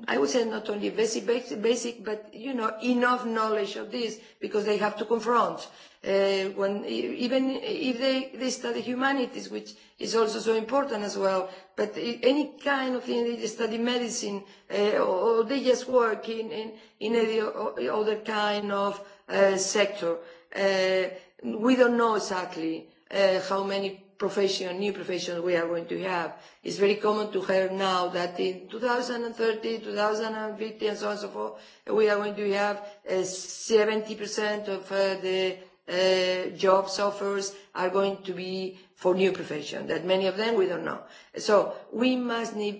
i would say not only basic, basic, basic, but you know enough knowledge of this because they have to confront. Uh, when e, even if they, they study humanities, which is also so important as well, but any kind of thing they study medicine uh, or, they just work in in, in any other kind of uh, sector. Uh, we don't know exactly uh, how many profession, new profession we are going to have. It's very common to hear now that in 2030, 2050, and so on and so forth, we are going to have uh, 70% of uh, the uh, jobs offers are going to be for new profession, that many of them we don't know. So we must need,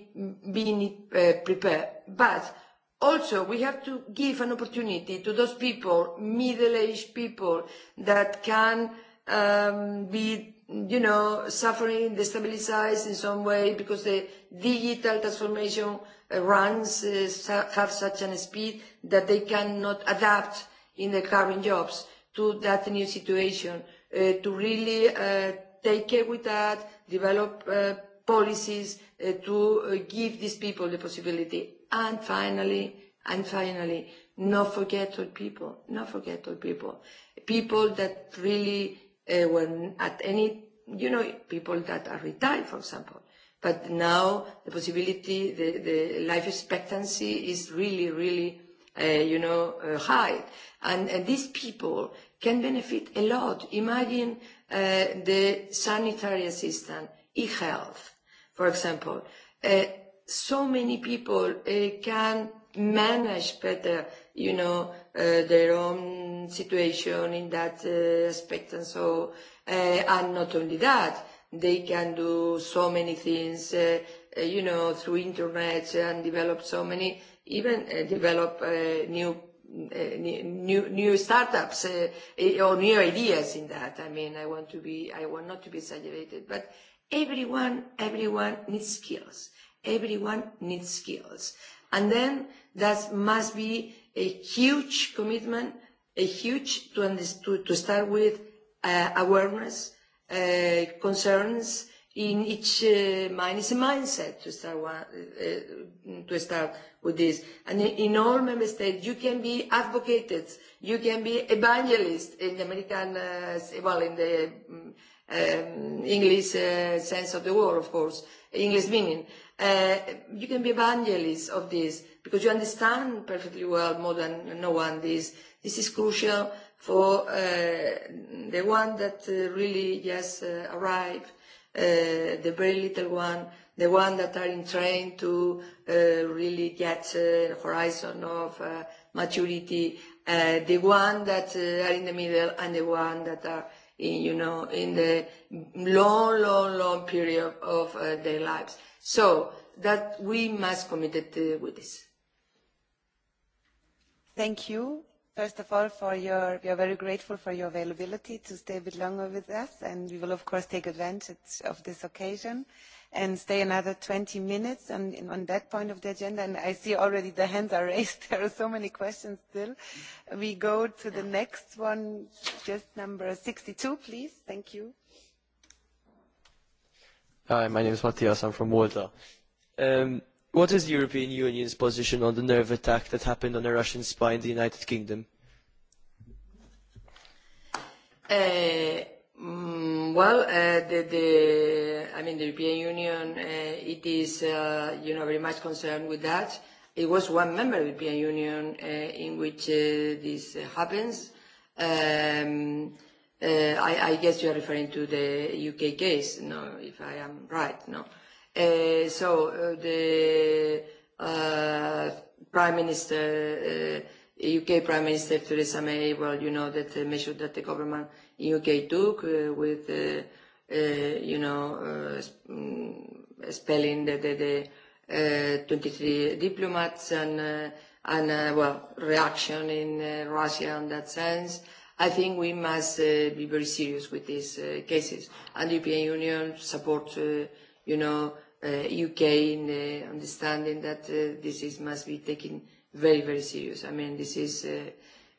be need, uh, prepared. But also we have to give an opportunity to those people, middle-aged people, that can um, be, you know, suffering, destabilized in some way because the digital transformation uh, runs uh, have such a speed that they cannot adapt in the current jobs to that new situation. Uh, to really uh, take care with that, develop uh, policies uh, to uh, give these people the possibility. And finally, and finally, not forget all people, not forget all people, people that really uh, when at any, you know, people that are retired, for example. But now the possibility, the, the life expectancy is really, really, uh, you know, uh, high. And, and these people can benefit a lot. Imagine uh, the sanitary assistant, e-health, for example. Uh, so many people uh, can manage better you know, uh, their own situation in that uh, aspect and so, uh, and not only that, they can do so many things, uh, uh, you know, through internet and develop so many, even uh, develop uh, new Uh, new new startups uh, or new ideas in that. I mean, I want to be, I want not to be exaggerated, but everyone, everyone needs skills. Everyone needs skills. And then that must be a huge commitment, a huge, to, to, to start with, uh, awareness, uh, concerns in each uh, mind. It's a mindset to start, one, uh, uh, to start with this. And in, in all member states, you can be advocated, you can be evangelist in the American, uh, well, in the um, English uh, sense of the word, of course, English meaning. Uh, you can be evangelist of this because you understand perfectly well, more than no one, this. This is crucial for uh, the one that uh, really just uh, arrived, uh, the very little one, the one that are in train to uh, really get uh, horizon of uh, maturity, uh, the one that uh, are in the middle and the one that are in, you know, in the long, long, long period of uh, their lives. So that we must committed uh, with this. Thank you, first of all, for your, we are very grateful for your availability to stay a bit longer with us, and we will, of course, take advantage of this occasion and stay another 20 minutes on, on that point of the agenda. And I see already the hands are raised. There are so many questions still. We go to the next one, just number 62, please. Thank you. Hi, my name is Matthias. I'm from Malta. Um, What is the European Union's position on the nerve attack that happened on a Russian spy in the United Kingdom? Uh, mm, well, uh, the, the, I mean, the European Union, uh, it is, uh, you know, very much concerned with that. It was one member of the European Union uh, in which uh, this happens. Um, uh, I, I guess you are referring to the UK case, no, if I am right, no? Uh, so uh, the uh, Prime Minister, uh, UK Prime Minister Theresa May, well, you know that the measure that the government in UK took uh, with, uh, uh, you know, uh, expelling the, the, the uh, 23 diplomats and, uh, and uh, well, reaction in uh, Russia in that sense. I think we must uh, be very serious with these uh, cases. And the European Union supports uh, you know, uh, UK in the uh, understanding that uh, this is, must be taken very, very serious. I mean, this is, uh,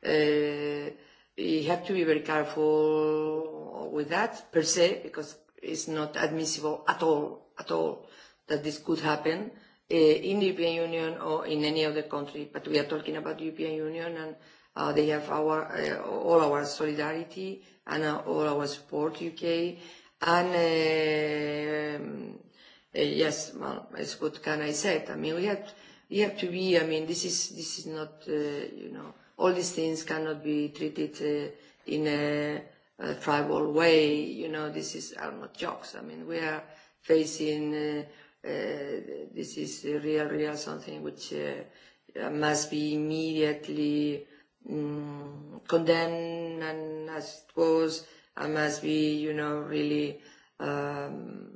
uh, you have to be very careful with that per se, because it's not admissible at all, at all, that this could happen uh, in the European Union or in any other country. But we are talking about the European Union and uh, they have our, uh, all our solidarity and uh, all our support, UK And uh, uh, yes, well, as what can I say? I mean, we have, we have to be, I mean, this is, this is not, uh, you know, all these things cannot be treated uh, in a, a tribal way. You know, this is, are not jokes. I mean, we are facing, uh, uh, this is real, real something which uh, must be immediately um, condemned and as it was, i must be, you know, really um,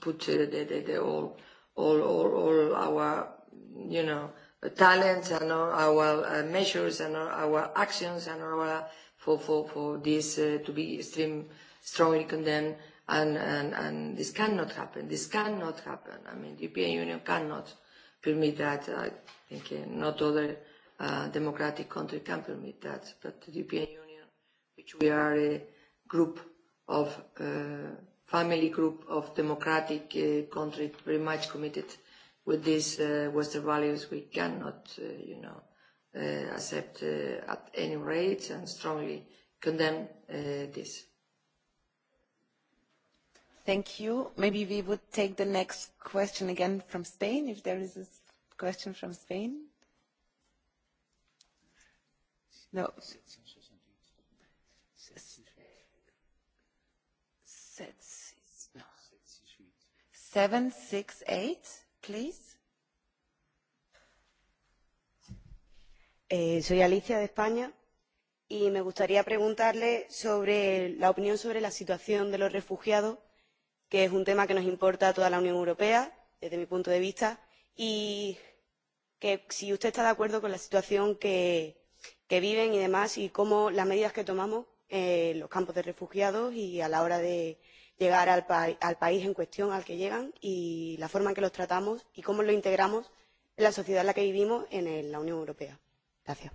put uh, the, the, the all, all, all, all our, you know, talents and all our uh, measures and all our actions and our for for for this uh, to be extreme, strongly condemned. And, and, and this cannot happen. This cannot happen. I mean, the European Union cannot permit that. I think uh, not other uh, democratic country can permit that. But the European Union, which we are uh, group of uh, family group of democratic uh, countries very much committed with these uh, Western values we cannot, uh, you know, uh, accept uh, at any rate and strongly condemn uh, this. Thank you. Maybe we would take the next question again from Spain, if there is a question from Spain. No. six, no. 768, please. Eh, soy Alicia de España y me gustaría preguntarle sobre la opinión sobre la situación de los refugiados, que es un tema que nos importa a toda la Unión Europea, desde mi punto de vista, y que si usted está de acuerdo con la situación que, que viven y demás, y cómo las medidas que tomamos eh, los campos de refugiados y a la hora de llegar al, pa al país en cuestión al que llegan y la forma en que los tratamos y cómo los integramos en la sociedad en la que vivimos en la Unión Europea. Gracias.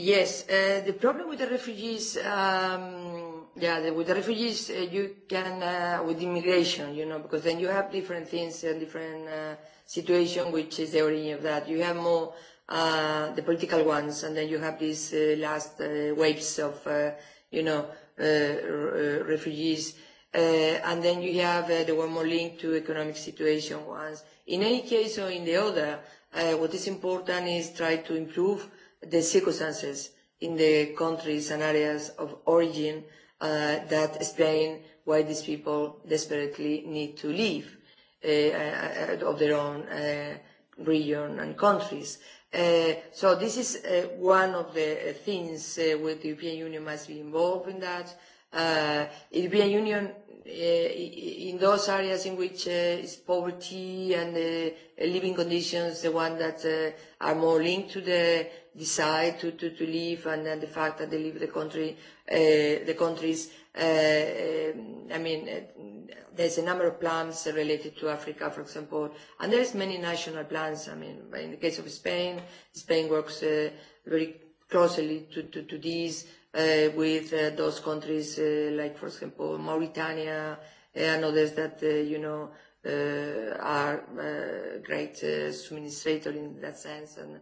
Yes. Uh, the problem with the refugees, um, yeah, the, with the refugees, uh, you can, uh, with immigration, you know, because then you have different things and different uh, situation, which is the origin of that. You have more uh, the political ones, and then you have these uh, last uh, waves of, uh, you know, uh, r- uh, refugees, uh, and then you have uh, the one more linked to economic situation ones. In any case or in the other, uh, what is important is try to improve the circumstances in the countries and areas of origin uh, that explain why these people desperately need to leave uh, uh of their own uh, region and countries. Uh, so this is uh, one of the uh, things uh, where the European Union must be involved in that Uh, European Union uh, in those areas in which uh, is poverty and uh, living conditions, the one that uh, are more linked to the decide to, to, to leave and, then the fact that they leave the country, uh, the countries. Uh, um I mean, uh, there's a number of plans related to Africa, for example, and there's many national plans. I mean, in the case of Spain, Spain works uh, very closely to, to, to these uh, with uh, those countries uh, like, for example, Mauritania uh, and others that, uh, you know, uh, are uh, great uh, administrator in that sense and,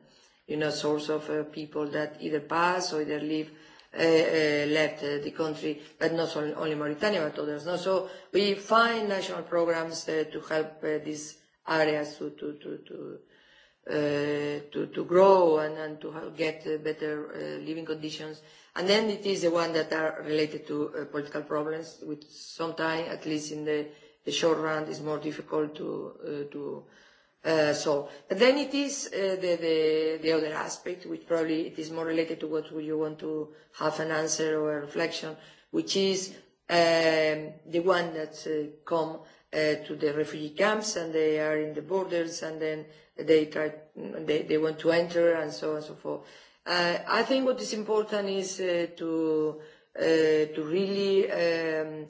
you know, source of uh, people that either pass or either leave, uh, uh, left uh, the country, but not only, only Mauritania, but others. No? So we find national programs uh, to help uh, these areas to, to, to, to uh, to, to grow and, and to get uh, better uh, living conditions. And then it is the one that are related to uh, political problems, which sometimes, at least in the, the short run, is more difficult to, uh, to uh, solve. But then it is uh, the, the, the other aspect, which probably it is more related to what you want to have an answer or a reflection, which is um, the one that uh, come uh, to the refugee camps and they are in the borders and then they try, they, they want to enter and so on and so forth. Uh, I think what is important is uh, to, uh, to really, um,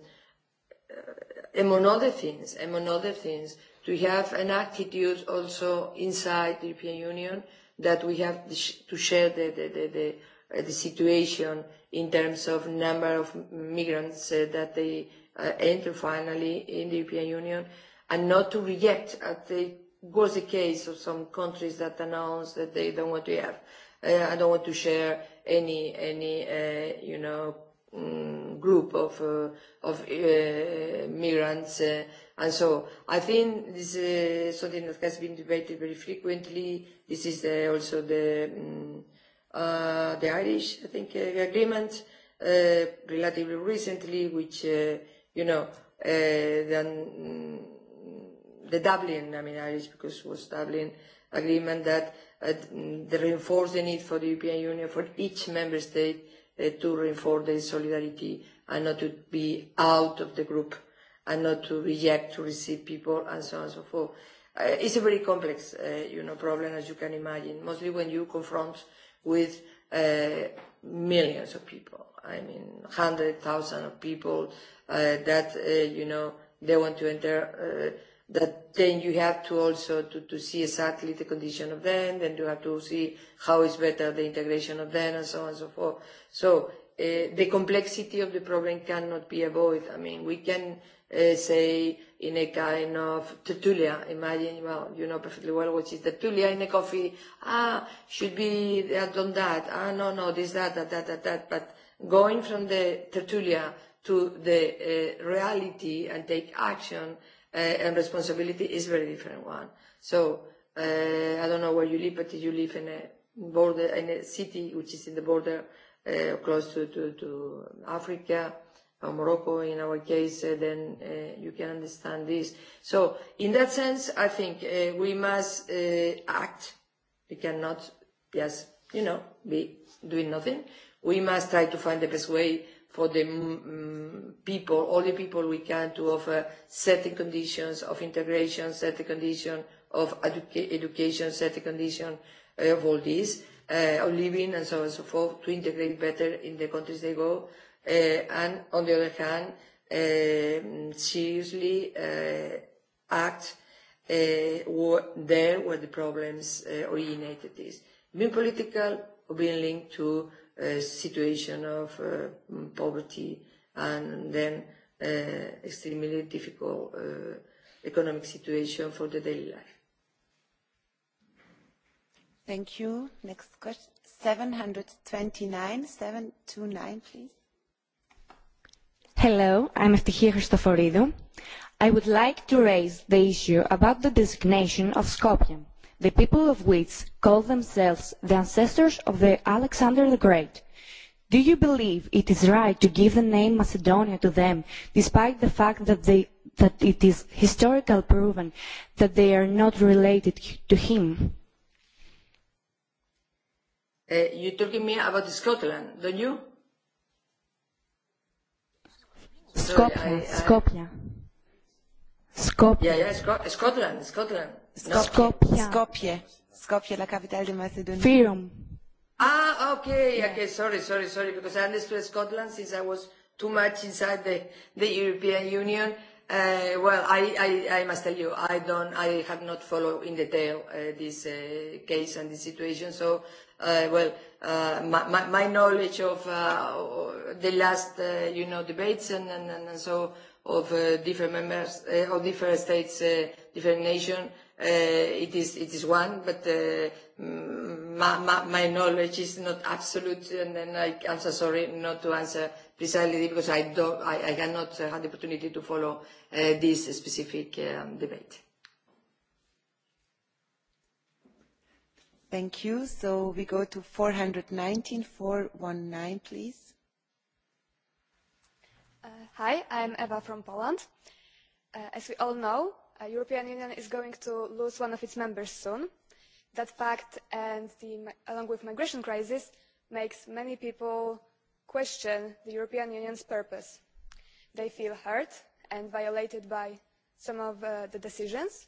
uh, among other things, among other things, to have an attitude also inside the European Union that we have to share the, the, the, the uh, the situation in terms of number of migrants uh, that they uh, enter finally in the European Union and not to reject at the was the case of some countries that announced that they don't want to have, uh, I don't want to share any, any uh, you know, um, group of, uh, of uh, migrants. Uh, and so I think this is uh, something that has been debated very frequently. This is uh, also the, um, uh, the Irish, I think, uh, agreement uh, relatively recently, which, uh, you know, uh, then, um, the Dublin, I mean, Irish because it was Dublin agreement that uh, the reinforce the need for the European Union, for each member state uh, to reinforce their solidarity and not to be out of the group and not to reject, to receive people and so on and so forth. Uh, it's a very complex, uh, you know, problem as you can imagine, mostly when you confront with uh, millions of people. I mean, hundred thousand of people uh, that, uh, you know, they want to enter uh, that then you have to also to, to see exactly the condition of them, then you have to see how is better the integration of them and so on and so forth. So uh, the complexity of the problem cannot be avoided. I mean, we can uh, say in a kind of tertulia, imagine, well, you know perfectly well what is tertulia in a coffee, ah, should be that on that, ah, no, no, this, that, that, that, that, that, but going from the tertulia to the uh, reality and take action uh, and responsibility is a very different one. So uh, I don't know where you live, but you live in a border, in a city which is in the border uh, close to, to, to Africa or Morocco in our case, uh, then uh, you can understand this. So in that sense, I think uh, we must uh, act. We cannot just, you know, be doing nothing. We must try to find the best way for the mm, people, all the people we can to offer certain conditions of integration, certain condition of educa education, certain condition eh, of all this, uh, of living and so on and so forth, to integrate better in the countries they go. Uh, and on the other hand, uh, seriously uh, act uh, there where the problems uh, originated is. Being political or being linked to situation of uh, poverty and then uh, extremely difficult uh, economic situation for the daily life. Thank you. Next question. 729, 729, please. Hello, I'm Ευτυχία Christoforidou. I would like to raise the issue about the designation of Skopje the people of Wits call themselves the ancestors of the Alexander the Great. Do you believe it is right to give the name Macedonia to them, despite the fact that, they, that it is historically proven that they are not related to him? Uh, you're talking me about Scotland, don't you? Skopje, Skopje. Skopje. Yeah, yeah, Sco- Scotland, Scotland. No, Skopje. Skopje. Skopje, la capitale de Macedonia. Fyrom. Ah, okay, yeah. okay, sorry, sorry, sorry, because I understood Scotland since I was too much inside the, the European Union. Uh, well, I, I, I must tell you, I don't, I have not followed in detail uh, this uh, case and this situation. So, uh, well, uh, my, my, my knowledge of uh, the last, uh, you know, debates and, and, and so of uh, different members uh, of different states, uh, different nations uh, it, is, it is one, but uh, my, knowledge is not absolute, and then I'm so sorry not to answer precisely because I, don't, I, I cannot have uh, the opportunity to follow uh, this specific um, debate. Thank you. So we go to 419, 419, please. Uh, hi, I'm Eva from Poland. Uh, as we all know, European Union is going to lose one of its members soon. That fact, and the, along with migration crisis, makes many people question the European Union's purpose. They feel hurt and violated by some of uh, the decisions,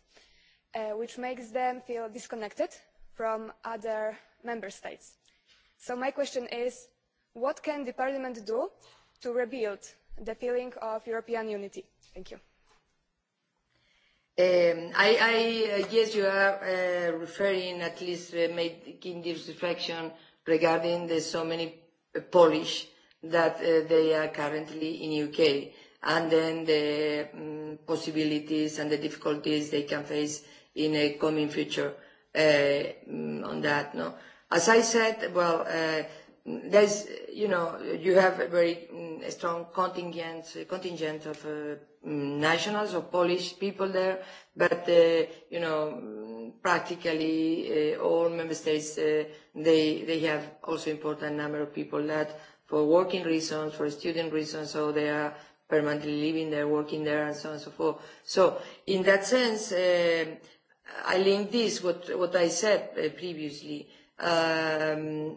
uh, which makes them feel disconnected from other member states. So my question is, what can the Parliament do to rebuild the feeling of European unity? Thank you. Um, I, I guess uh, you are uh, referring, at least uh, making this reflection regarding the so many uh, Polish that uh, they are currently in U.K., and then the mm, possibilities and the difficulties they can face in a coming future mm, on that, no? As I said, well, there's, you know, you have a very um, strong contingent, uh, contingent of uh, mm, nationals or Polish people there, but, uh, you know, mm, practically uh, all member states, uh, they, they have also important number of people that for working reasons, for student reasons, so they are permanently living there, working there, and so on and so forth. So in that sense, uh, I link this, what, what I said uh, previously. Um,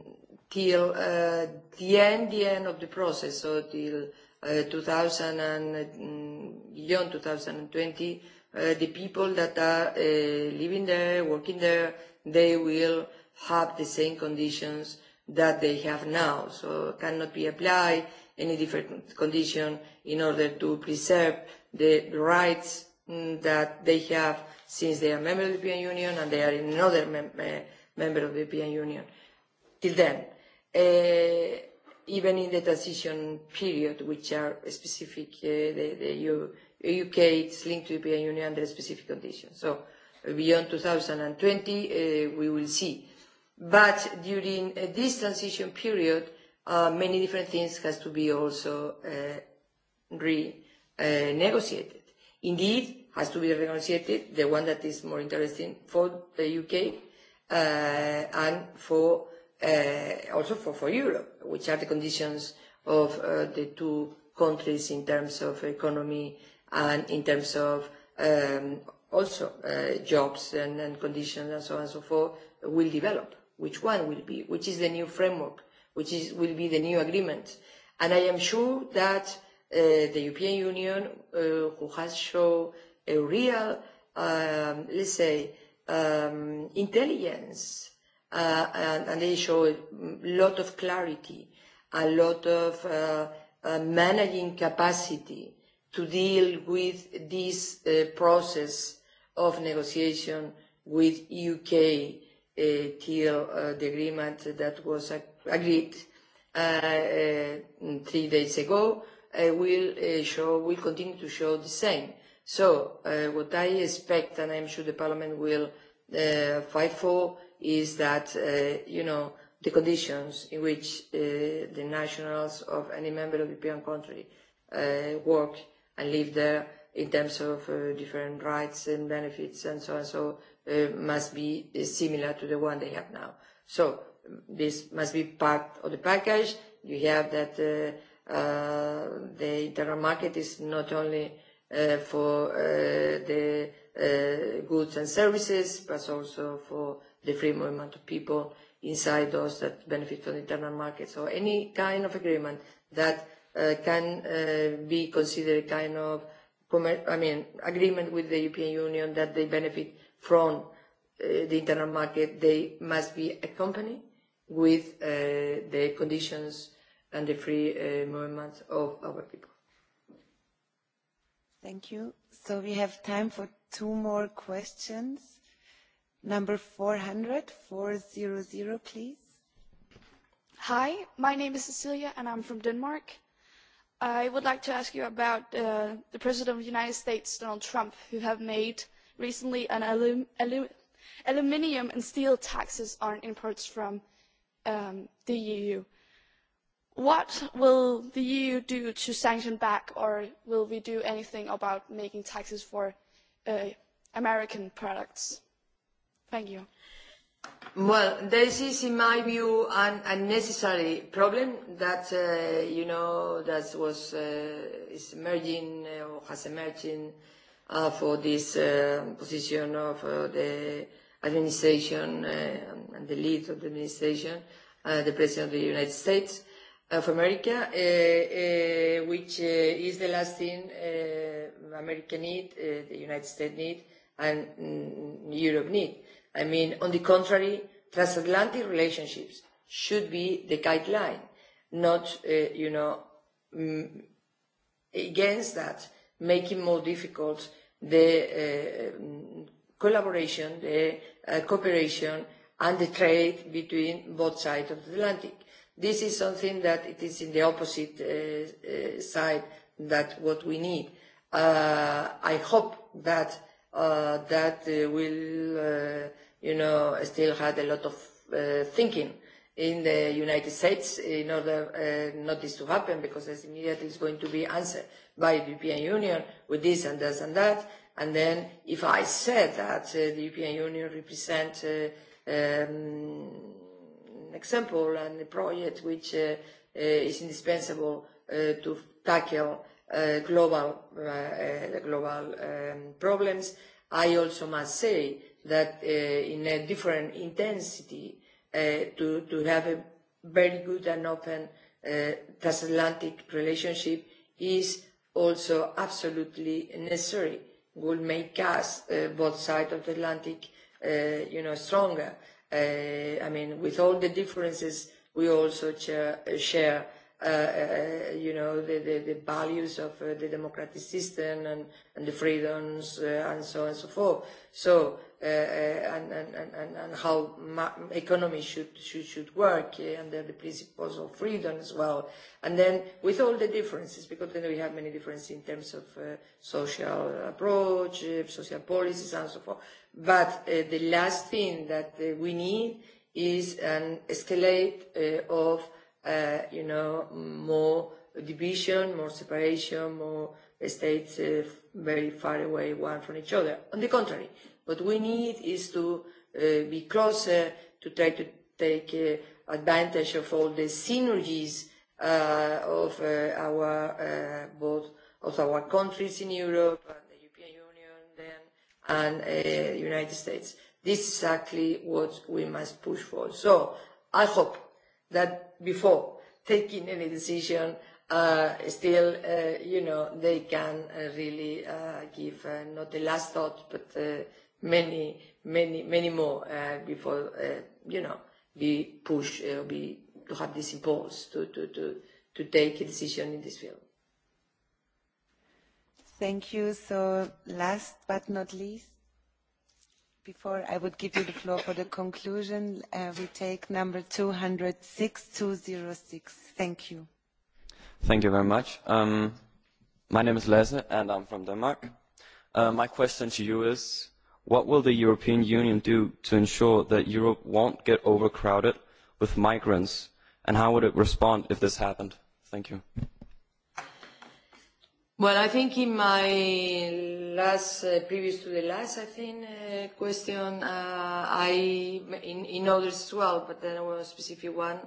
till uh, the end, the end of the process, so till uh, 2000 and mm, beyond 2020, uh, the people that are uh, living there, working there, they will have the same conditions that they have now. So cannot be applied any different condition in order to preserve the rights mm, that they have since they are member of the European Union and they are another uh, member of the European Union. Till then uh, even in the transition period, which are specific, uh, the, the UK is linked to the European Union under specific conditions. So beyond 2020, uh, we will see. But during uh, this transition period, uh, many different things has to be also uh, renegotiated. Uh, Indeed, has to be renegotiated, the one that is more interesting for the UK uh, and for uh, also for, for Europe, which are the conditions of uh, the two countries in terms of economy and in terms of um, also uh, jobs and, and conditions and so on and so forth will develop. Which one will be? Which is the new framework? Which is, will be the new agreement? And I am sure that uh, the European Union, uh, who has shown a real, um, let's say, um, intelligence uh, and, and they show a lot of clarity, a lot of uh, uh, managing capacity to deal with this uh, process of negotiation with UK uh, till uh, the agreement that was agreed uh, uh, three days ago uh, will uh, show will continue to show the same. So uh, what I expect, and I'm sure the Parliament will uh, fight for, is that, uh, you know, the conditions in which uh, the nationals of any member of the European country uh, work and live there in terms of uh, different rights and benefits and so on and so uh, must be uh, similar to the one they have now. So this must be part of the package. You have that uh, uh, the internal market is not only uh, for uh, the uh, goods and services, but also for the free movement of people inside those that benefit from the internal market. So any kind of agreement that uh, can uh, be considered a kind of, I mean, agreement with the European Union that they benefit from uh, the internal market, they must be accompanied with uh, the conditions and the free uh, movement of our people. Thank you. So we have time for two more questions. Number 400, 400, please. Hi, my name is Cecilia and I'm from Denmark. I would like to ask you about uh, the President of the United States, Donald Trump, who have made recently an alum, alum, aluminium and steel taxes on imports from um, the EU. What will the EU do to sanction back, or will we do anything about making taxes for uh, American products? Thank you. Well, this is, in my view, an unnecessary problem that, uh, you know, that was, uh, is emerging uh, or has emerged uh, for this uh, position of uh, the administration uh, and the lead of the administration, uh, the President of the United States of America, uh, uh, which uh, is the last thing uh, America need, uh, the United States need, and mm, Europe need i mean, on the contrary, transatlantic relationships should be the guideline, not, uh, you know, m- mm, against that, making more difficult the uh, collaboration, the uh, cooperation, and the trade between both sides of the Atlantic. This is something that it is in the opposite uh, uh, side that what we need. Uh, I hope that uh, that uh, will, uh, you know, still had a lot of uh, thinking in the United States in order uh, not this to happen because it's immediately is going to be answered by the European Union with this and this and that. And then if I said that uh, the European Union represents uh, um, an example and a project which is indispensable to tackle uh, global, uh, uh, global um, problems, I also must say that uh, in a different intensity uh, to, to have a very good and open uh, transatlantic relationship is also absolutely necessary, will make us, uh, both sides of the Atlantic, uh, you know, stronger. Uh, I mean, with all the differences, we also share, share Uh, uh, you know, the, the, the values of uh, the democratic system and, and the freedoms uh, and so on and so forth. So, uh, uh and, and, and, and how ma- economy should, should, should work uh, under the principles of freedom as well. And then with all the differences, because then we have many differences in terms of uh, social approach, uh, social policies and so forth. But uh, the last thing that uh, we need is an escalate uh, of uh, you know, more division, more separation, more states uh, very far away one from each other. On the contrary, what we need is to uh, be closer, to try to take uh, advantage of all the synergies uh, of uh, our uh, both of our countries in Europe and the European Union then and uh, United States. This is exactly what we must push for. So I hope that before taking any decision, uh, still, uh, you know, they can uh, really uh, give uh, not the last thought, but uh, many, many, many more uh, before, uh, you know, be pushed uh, be to have this impulse to, to, to, to take a decision in this field. Thank you. So last but not least, Before I would give you the floor for the conclusion, uh, we take number 206206. Thank you. Thank you very much. Um, my name is Lasse, and I'm from Denmark. Uh, my question to you is, what will the European Union do to ensure that Europe won't get overcrowded with migrants, and how would it respond if this happened? Thank you. Well, I think in my last, uh, previous to the last, I think, uh, question, uh, I, in, in others as well, but then a specific one,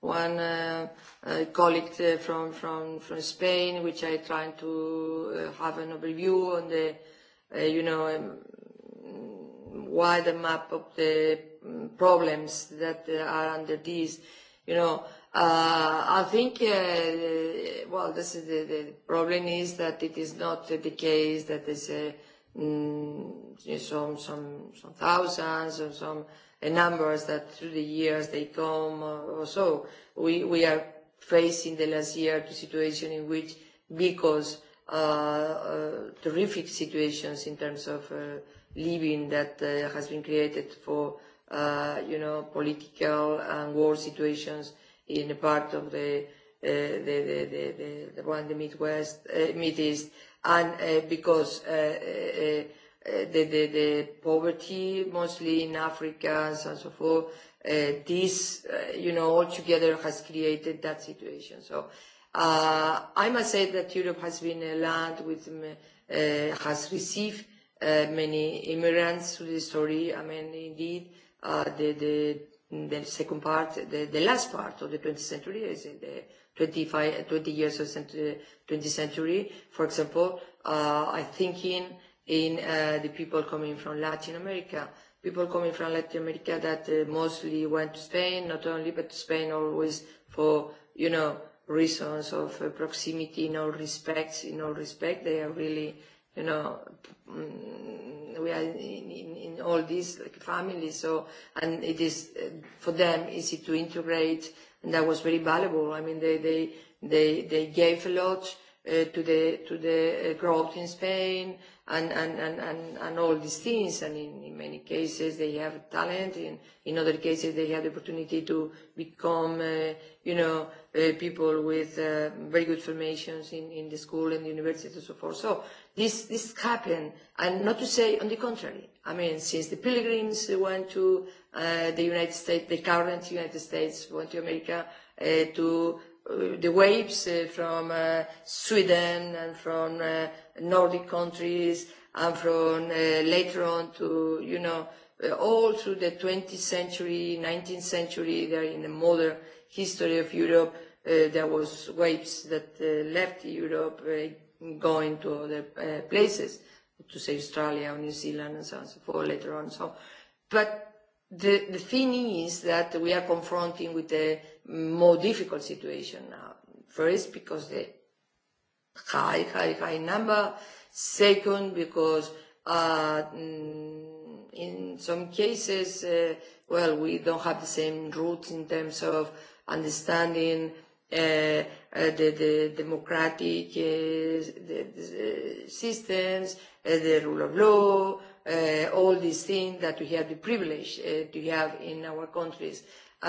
one uh, uh, colleague uh, from, from, from Spain, which I trying to uh, have an overview on the, uh, you know, um, wider map of the mm, problems that uh, are under this, you know, Uh, I think, uh, well, this is the, the problem is that it is not the case that there's a, mm, some, some, some thousands or some uh, numbers that through the years they come or, uh, or so. We, we are facing the last year to situation in which because uh, uh, terrific situations in terms of uh, living that uh, has been created for, uh, you know, political and war situations in a part of the, uh, the, the, the, the, the one the Midwest, uh, east and uh, because uh, uh, uh, the, the, the poverty, mostly in Africa and so forth, uh, this, uh, you know, all together has created that situation. So uh, I must say that Europe has been a land with, um, uh, has received uh, many immigrants to the story. I mean, indeed, uh, the, the the second part, the, the last part of the 20th century is in the 25, 20 years of century, uh, 20th century. For example, uh, I think in, in uh, the people coming from Latin America, people coming from Latin America that uh, mostly went to Spain, not only, but to Spain always for, you know, reasons of uh, proximity in all respects, in all respect, they are really you know, mm, we are in, in, in all these like, families, so, and it is, uh, for them, easy to integrate, and that was very valuable. I mean, they, they, they, they gave a lot uh, to the, to the uh, growth in Spain and, and, and, and, and all these things, and in, in many cases they have talent, in, in other cases they have the opportunity to become, uh, you know, uh, people with uh, very good formations in, in the school and the university and so forth. So this, this happened, and not to say on the contrary. I mean, since the pilgrims went to uh, the United States, the current United States went to America, uh, to uh, the waves uh, from uh, Sweden and from uh, Nordic countries and from uh, later on to, you know, uh, all through the 20th century, 19th century, they're in the modern history of Europe, Uh, there was waves that uh, left Europe uh, going to other uh, places, to say Australia or New Zealand and so on and so forth later on. So, but the, the thing is that we are confronting with a more difficult situation now. First, because the high, high, high number. Second, because uh, mm, in some cases, uh, well, we don't have the same roots in terms of understanding uh, eh, uh, the, the democratic uh, the, the systems, uh, the rule of law, uh, all these things that we have the privilege uh, to have in our countries. Uh,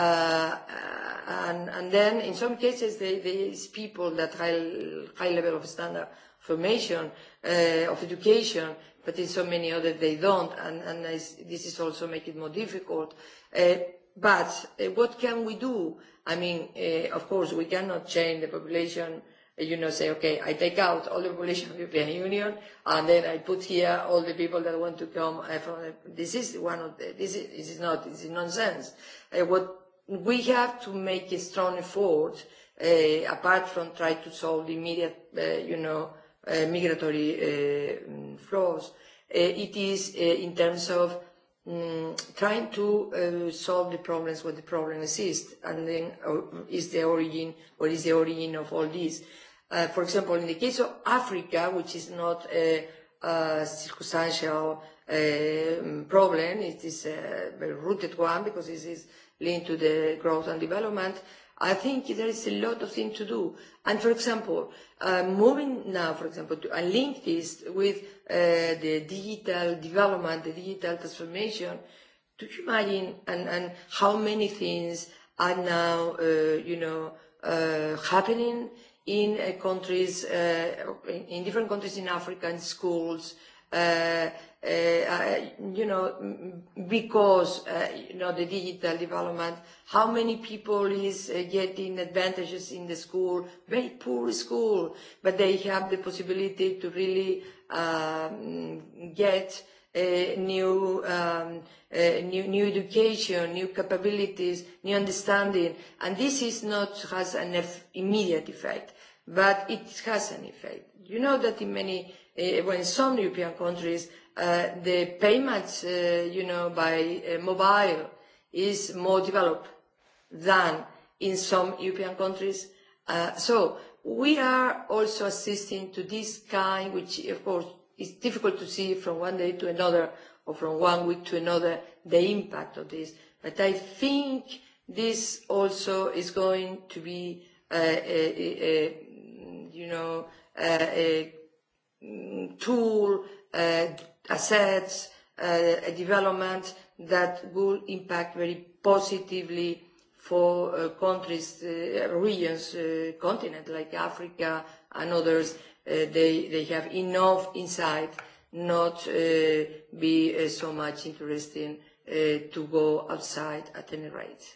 uh, and, and then in some cases there is people that high, high level of standard formation, uh, of education, but in so many others they don't, and, and I, this is also making it more difficult. Uh, but uh, what can we do? Uh, i mean, uh, of course, we cannot change the population, eh, you know, say, okay, I take out all the population of the European Union and then I put here all the people that want to come eh, from the, this is one of the, this is, this is not, this is nonsense. Uh, what we have to make a strong effort, uh, apart from trying to solve the immediate, uh, you know, uh, migratory uh, flows, uh, it is uh, in terms of um, trying to uh, solve the problems where the problem exists and then uh, is the origin what is the origin of all this uh, for example in the case of africa which is not a, a circumstantial uh, problem it is a, very rooted one because it is linked to the growth and development uh, i think there is a lot of things to do. And for example, uh, moving now, for example, to, I link this with uh, the digital development, the digital transformation. Do you imagine and, and how many things are now, uh, you know, uh, happening in uh, countries, uh, in, in different countries in Africa, in schools, uh, uh, you know, because, uh, you know, the digital development, how many people is uh, getting advantages in the school, very poor school, but they have the possibility to really um, get uh, new, um, uh, new, new education, new capabilities, new understanding. And this is not, has an eff immediate effect, but it has an effect. You know that in many uh, eh, when some European countries, uh, the payments, uh, you know, by uh, mobile is more developed than in some European countries. Uh, so we are also assisting to this kind, which of course is difficult to see from one day to another or from one week to another, the impact of this. But I think this also is going to be, uh, a, a, a, you know, uh a tool, uh, assets, uh, a development that will impact very positively for uh, countries, uh, regions, uh, continent like Africa and others. Uh, they, they have enough insight not uh, be uh, so much interesting uh, to go outside at any rate.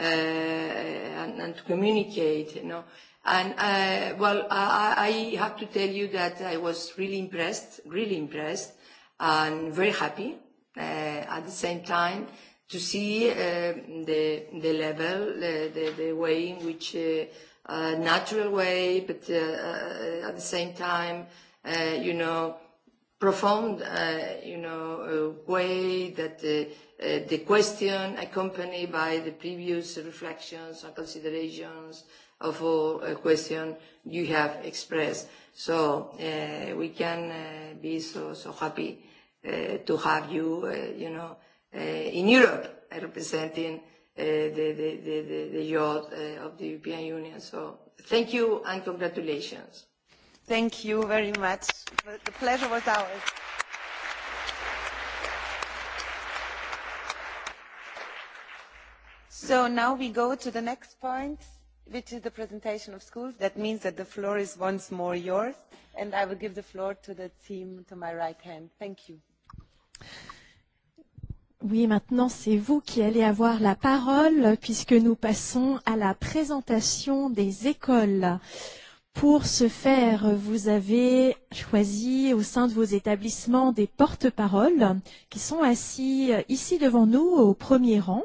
uh, and, and to communicate, you know. And uh, well, I, I have to tell you that I was really impressed, really impressed, and very happy uh, at the same time to see uh, the the level, the uh, the the way in which uh, uh, natural way, but uh, uh, at the same time, uh, you know, profound, uh, you know, uh, way that. Uh, Uh, the question accompanied by the previous reflections and considerations of all uh, question you have expressed. So uh, we can uh, be so, so happy uh, to have you, uh, you know, uh, in Europe uh, representing uh, the, the, the, the, the yacht uh, of the European Union. So thank you and congratulations. Thank you very much. The pleasure was ours. So now we go to the next point, which is the presentation of schools. That means that the floor is once more yours, and I will give the floor to the team to my right hand. Thank you. Oui, maintenant c'est vous qui allez avoir la parole puisque nous passons à la présentation des écoles. Pour ce faire, vous avez choisi au sein de vos établissements des porte-paroles qui sont assis euh, ici devant nous au premier rang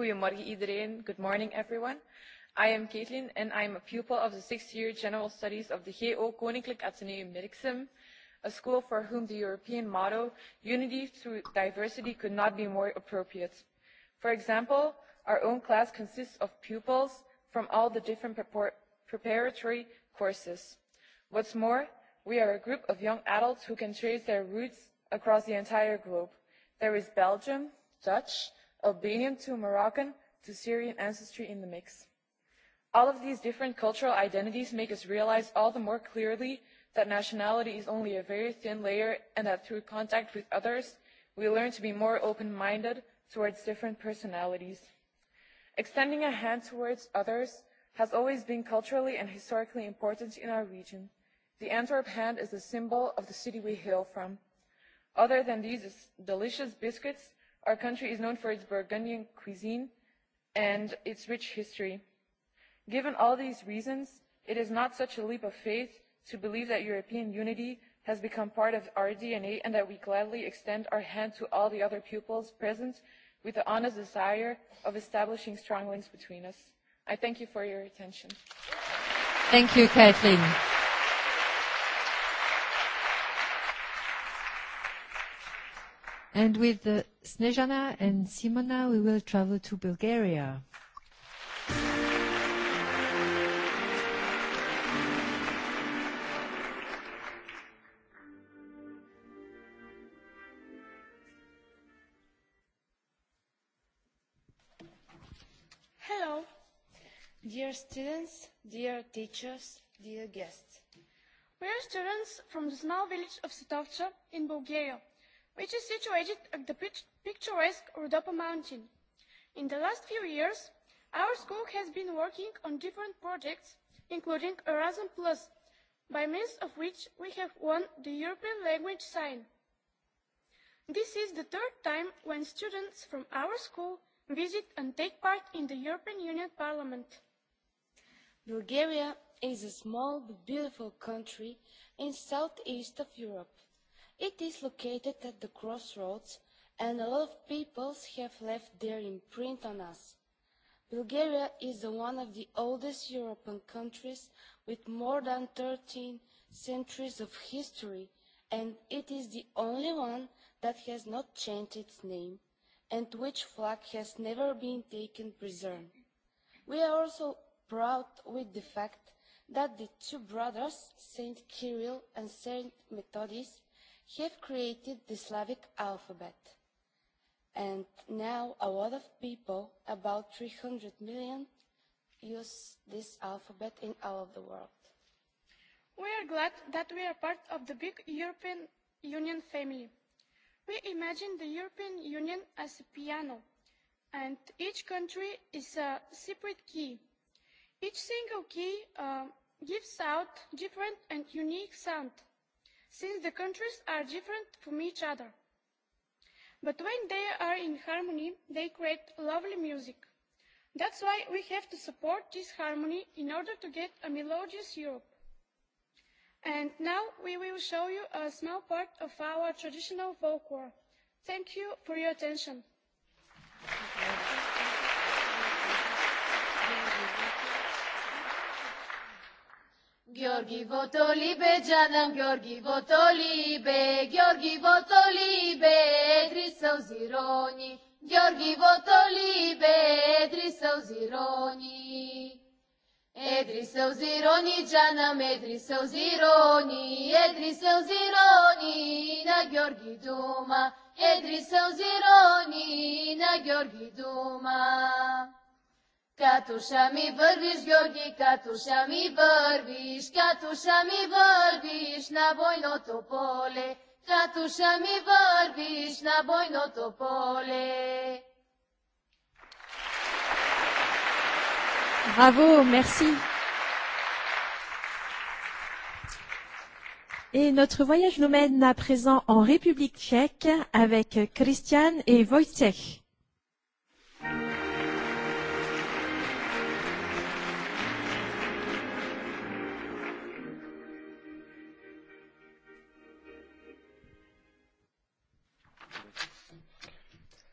Goedemorgen iedereen. Good morning everyone. I am Caitlin and I am a pupil of the sixth year General Studies of the GO Koninklijk Atheneum Merksem, a school for whom the European motto, unity through diversity, could not be more appropriate. For example, our own class consists of pupils from all the different preparatory courses. What's more, we are a group of young adults who can trace their roots across the entire globe. There is Belgium, Dutch, Albanian to Moroccan to Syrian ancestry in the mix. All of these different cultural identities make us realize all the more clearly that nationality is only a very thin layer and that through contact with others, we learn to be more open-minded towards different personalities. Extending a hand towards others has always been culturally and historically important in our region. The Antwerp hand is a symbol of the city we hail from. Other than these delicious biscuits, Our country is known for its Burgundian cuisine and its rich history. Given all these reasons, it is not such a leap of faith to believe that European unity has become part of our DNA and that we gladly extend our hand to all the other pupils present with the honest desire of establishing strong links between us. I thank you for your attention. Thank you, Kathleen. And with uh, Snejana and Simona, we will travel to Bulgaria. Hello, dear students, dear teachers, dear guests. We are students from the small village of Sitovce in Bulgaria which is situated at the picturesque Rudopa Mountain. In the last few years, our school has been working on different projects, including Erasmus Plus, by means of which we have won the European language sign. This is the third time when students from our school visit and take part in the European Union Parliament. Bulgaria is a small but beautiful country in southeast of Europe It is located at the crossroads and a lot of peoples have left their imprint on us. Bulgaria is one of the oldest European countries with more than 13 centuries of history and it is the only one that has not changed its name and which flag has never been taken preserved. We are also proud with the fact that the two brothers, Saint Kirill and Saint Methodius, have created the Slavic alphabet. And now a lot of people, about 300 million, use this alphabet in all of the world. We are glad that we are part of the big European Union family. We imagine the European Union as a piano, and each country is a separate key. Each single key uh, gives out different and unique sound since the countries are different from each other. But when they are in harmony, they create lovely music. That's why we have to support this harmony in order to get a melodious Europe. And now we will show you a small part of our traditional folklore. Thank you for your attention. Thank you. Георги Ботолибе, джанам Георги Ботолибе, Георги Ботолибе, три сълзи рони. Георги Ботолибе, три сълзи рони. Едри сълзи рони, джанам, едри сълзи рони, едри сълзи рони, на Георги дума, едри сълзи рони, на Георги дума. Katušami brviš, Georgi, katušami brviš, katušami brviš na bojno to pole, katušami brviš na bojno to pole. Bravo, merci. Et notre voyage nous mène à présent en République tchèque avec Christian et Wojciech.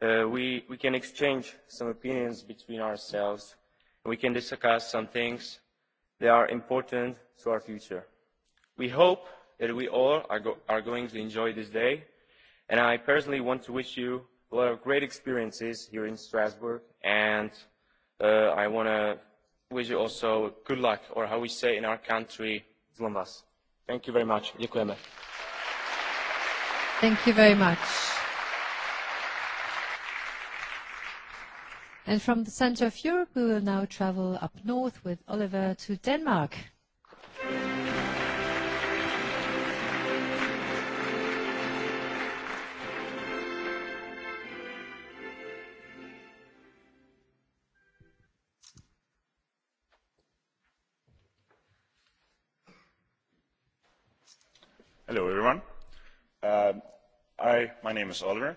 uh, we, we can exchange some opinions between ourselves. We can discuss some things that are important to our future. We hope that we all are, go are going to enjoy this day, and I personally want to wish you a lot of great experiences here in Strasbourg, and uh, I want to wish you also good luck, or how we say in our country, Zlombas. Thank you very much. Thank you very much. And from the center of Europe, we will now travel up north with Oliver to Denmark. Hello, everyone. Um, I, my name is Oliver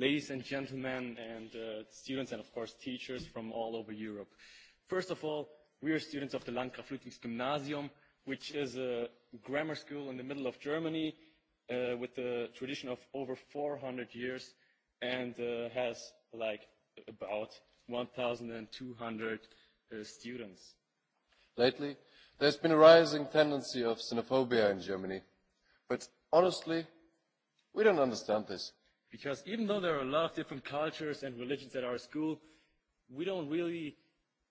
ladies and gentlemen, and uh, students, and of course teachers from all over Europe. First of all, we are students of the Landgraf Ludwigs Gymnasium, which is a grammar school in the middle of Germany uh, with a tradition of over 400 years and uh, has like about 1,200 uh, students. Lately, there's been a rising tendency of xenophobia in Germany. But honestly, we don't understand this. Because even though there are a lot of different cultures and religions at our school, we don't really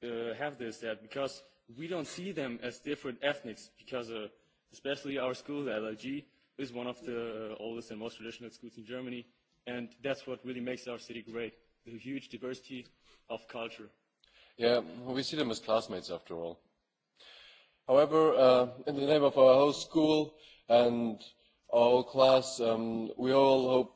uh, have this that because we don't see them as different ethnics because uh, especially our school, the LLG, is one of the uh, oldest and most traditional schools in Germany. And that's what really makes our city great, the huge diversity of culture. Yeah, we see them as classmates after all. However, uh, in the name of our whole school and our whole class, um, we all hope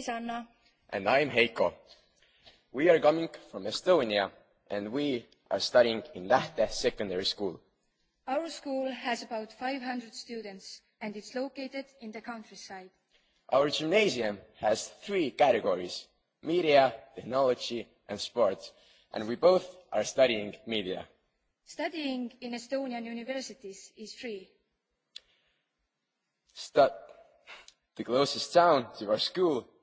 is Anna. And I'm Heiko. We are coming from Estonia and we are studying in Lahte Secondary School. Our school has about 500 students and it's located in the countryside. Our gymnasium has three categories, media, technology and sports, and we both are studying media. Studying in Estonian universities is free. Stu- the closest town to our school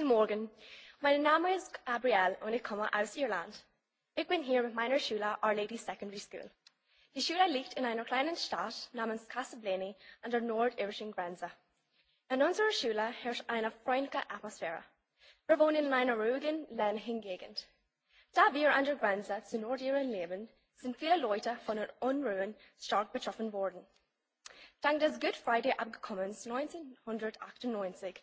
Goedemorgen. Mijn name is Gabrielle en ik kom uit Ierland. Ik ben hier met mijn Schule, Our Lady Secondary School. Die Schule liegt in einer kleinen Stadt namens Casablanca an der nordirischen Grenze. In unserer Schule herrscht eine freundliche Atmosphäre. Wir wohnen in einer ruhigen, ländlichen Gegend. Da wir an der Grenze zu Nordirland leben, sind viele Leute von den Unruhen stark betroffen worden. Dank des Good Friday Abkommens 1998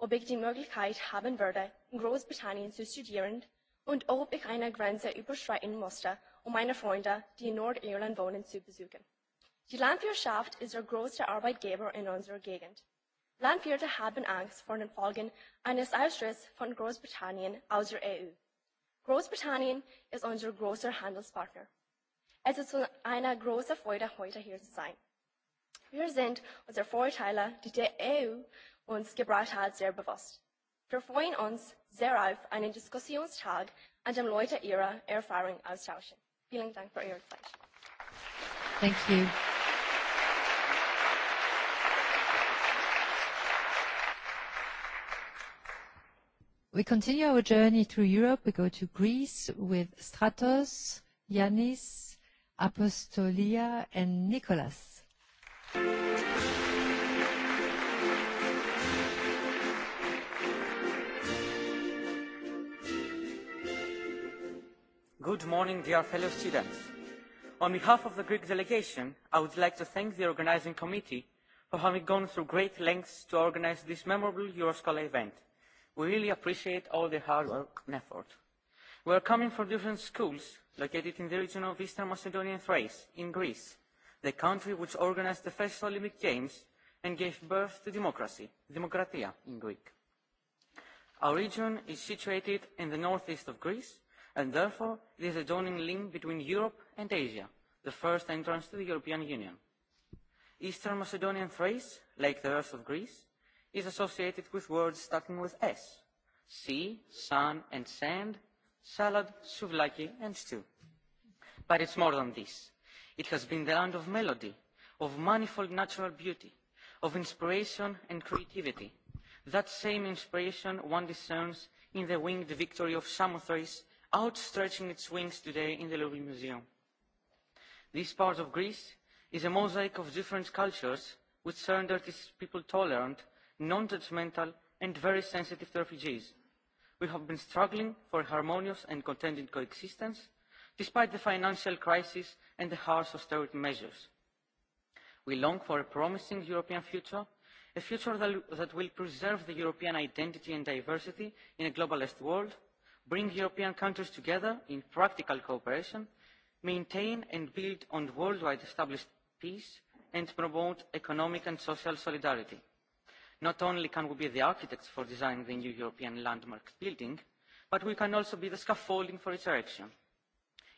ob ich die Möglichkeit haben würde, in Großbritannien zu studieren und ob ich eine Grenze überschreiten musste, um meine Freunde, die in Nordirland wohnen, zu besuchen. Die Landwirtschaft ist der größte Arbeitgeber in unserer Gegend. Landwirte haben Angst vor den Folgen eines Austritts von Großbritannien aus der EU. Großbritannien ist unser großer Handelspartner. Es ist eine große Freude, heute hier zu sein wir sind unser Vorteile, die der EU uns gebracht hat, sehr bewusst. Wir freuen uns sehr auf einen Diskussionstag, an dem Leute ihre Erfahrung austauschen. Vielen Dank für Ihre Zeit. Thank you. We continue our journey through Europe. We go to Greece with Stratos, Yanis, Apostolia, and Nicholas. Good morning, dear fellow students. On behalf of the Greek delegation, I would like to thank the organizing committee for having gone through great lengths to organize this memorable Euroscholar event. We really appreciate all the hard work and effort. We are coming from different schools located in the region of Eastern Macedonia and Thrace, in Greece the country which organised the first Olympic Games and gave birth to democracy, Demokratia in Greek. Our region is situated in the northeast of Greece, and therefore it is a joining link between Europe and Asia, the first entrance to the European Union. Eastern Macedonian Thrace, like the rest of Greece, is associated with words starting with S, sea, sun and sand, salad, souvlaki and stew. But it's more than this It has been the land of melody, of manifold natural beauty, of inspiration and creativity. That same inspiration one discerns in the winged victory of Samothrace outstretching its wings today in the Louvre Museum. This part of Greece is a mosaic of different cultures which rendered its people tolerant, non-judgmental and very sensitive to refugees. We have been struggling for harmonious and contented coexistence despite the financial crisis and the harsh austerity measures. We long for a promising European future, a future that, that will preserve the European identity and diversity in a globalist world, bring European countries together in practical cooperation, maintain and build on worldwide established peace, and promote economic and social solidarity. Not only can we be the architects for designing the new European landmark building, but we can also be the scaffolding for its erection.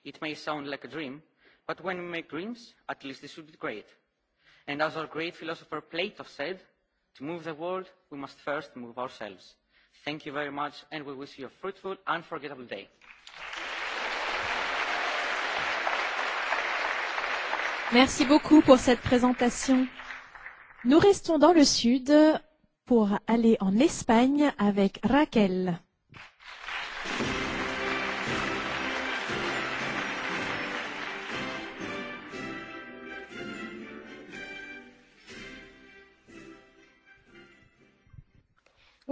It may sound like a dream, but when we make dreams, at least they should be great. And as our great philosopher Plato said, to move the world, we must first move ourselves. Thank you very much, and we wish you a fruitful, unforgettable day. Merci beaucoup pour cette présentation. Nous restons dans le sud pour aller en Espagne avec Raquel.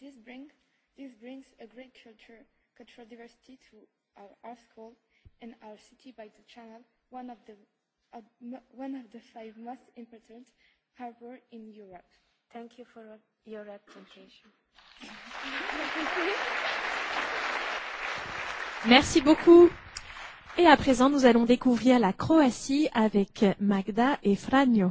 This, bring, this brings a great culture, cultural diversity to our, our school and our city by the channel, one of the, uh, one of the five most important harbors in Europe. Thank you for your presentation. Merci beaucoup. Et à présent, nous allons découvrir la Croatie avec Magda et Franjo.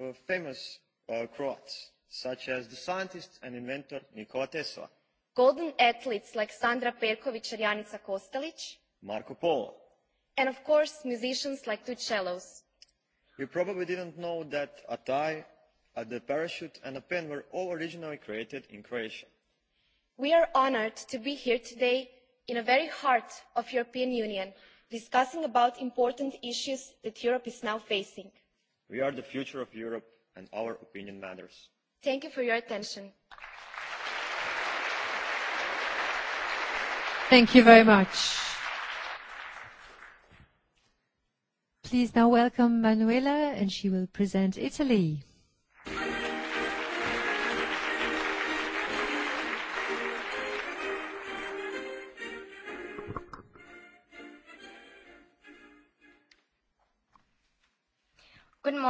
Uh, famous uh, Croats, such as the scientist and inventor Nikola Tesla. Golden athletes like Sandra Perkovic and Janica Kostelic. Marco Polo. And of course, musicians like two cellos. You probably didn't know that a tie, a the parachute and a pen were all originally created in Croatia. We are honored to be here today in the very heart of the European Union, discussing about important issues that Europe is now facing we are the future of europe and our opinion matters. thank you for your attention. thank you very much. please now welcome manuela and she will present italy.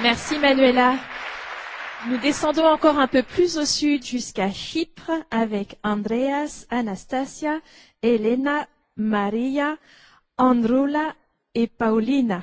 Merci Manuela. Nous descendons encore un peu plus au sud jusqu'à Chypre avec Andreas, Anastasia, Elena, Maria, Androula et Paulina.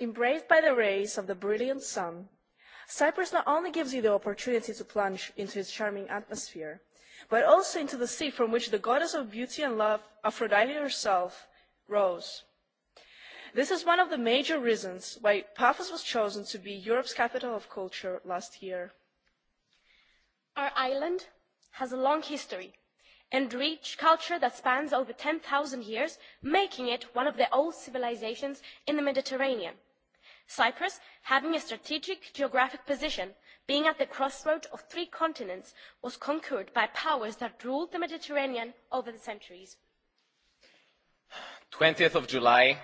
Embraced by the rays of the brilliant sun, Cyprus not only gives you the opportunity to plunge into its charming atmosphere, but also into the sea from which the goddess of beauty and love, Aphrodite herself, rose. This is one of the major reasons why Paphos was chosen to be Europe's capital of culture last year. Our island has a long history and rich culture that spans over 10,000 years, making it one of the old civilizations in the Mediterranean cyprus having a strategic geographic position being at the crossroad of three continents was conquered by powers that ruled the mediterranean over the centuries. 20th of July,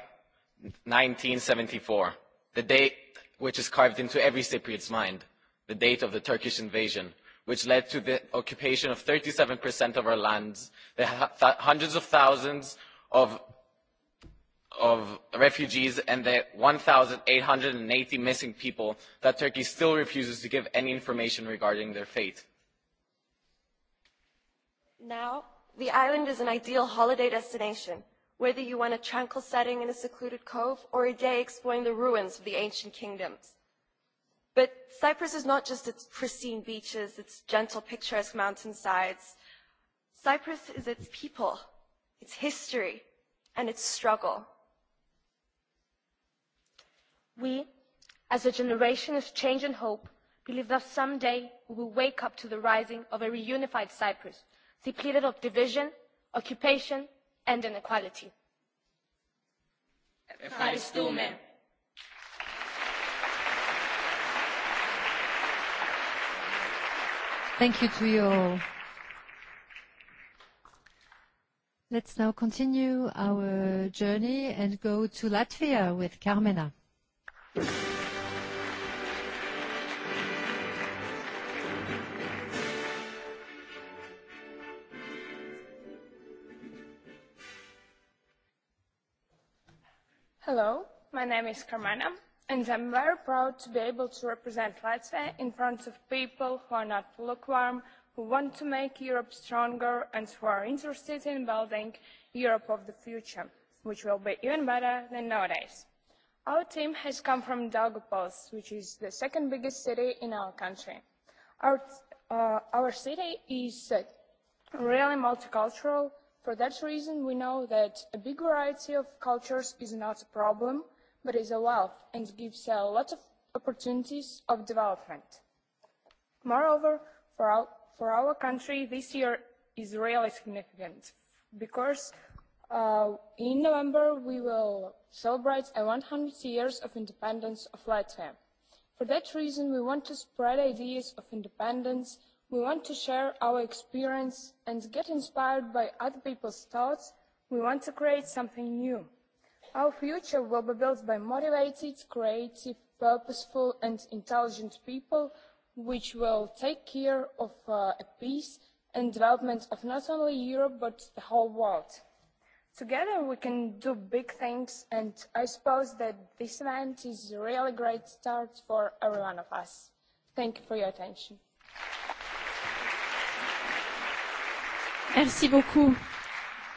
1974, the date which is carved into every cypriot's mind the date of the turkish invasion which led to the occupation of 37% of our lands the hundreds of thousands of of refugees and the 1,880 missing people that Turkey still refuses to give any information regarding their fate. Now, the island is an ideal holiday destination, whether you want a tranquil setting in a secluded cove or a day exploring the ruins of the ancient kingdoms. But Cyprus is not just its pristine beaches, its gentle picturesque mountainsides. Cyprus is its people, its history, and its struggle we as a generation of change and hope believe that someday we will wake up to the rising of a reunified cyprus depleted of division occupation and inequality. Thank you to you all. Let's now continue our journey and go to Latvia with Carmena. Hello, my name is Carmena, and I'm very proud to be able to represent Latvia in front of people who are not lukewarm, who want to make Europe stronger, and who are interested in building Europe of the future, which will be even better than nowadays. Our team has come from Daugavpils, which is the second biggest city in our country. Our, uh, our city is uh, really multicultural. For that reason, we know that a big variety of cultures is not a problem, but is a wealth and gives a lot of opportunities of development. Moreover, for our, for our country, this year is really significant because Uh, in November, we will celebrate the 100 years of independence of Latvia. For that reason, we want to spread ideas of independence, we want to share our experience and get inspired by other people's thoughts, we want to create something new. Our future will be built by motivated, creative, purposeful and intelligent people which will take care of uh, a peace and development of not only Europe but the whole world. Together we can do big things and I suppose that this event is a really great start for every one of us. Thank you for your attention. Merci beaucoup.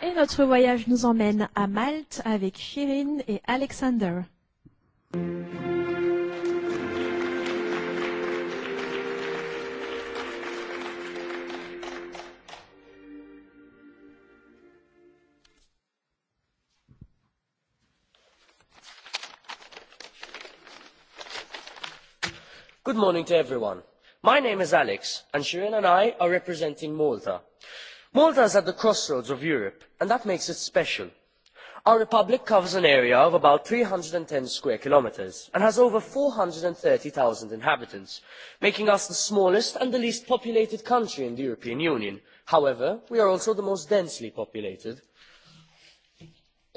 Et notre voyage nous emmène à Malte avec Shirin et Alexander. Mm -hmm. good morning to everyone my name is alex and shirin and i are representing malta. malta is at the crossroads of europe and that makes it special. our republic covers an area of about three hundred and ten square kilometres and has over four hundred and thirty zero inhabitants making us the smallest and the least populated country in the european union. however we are also the most densely populated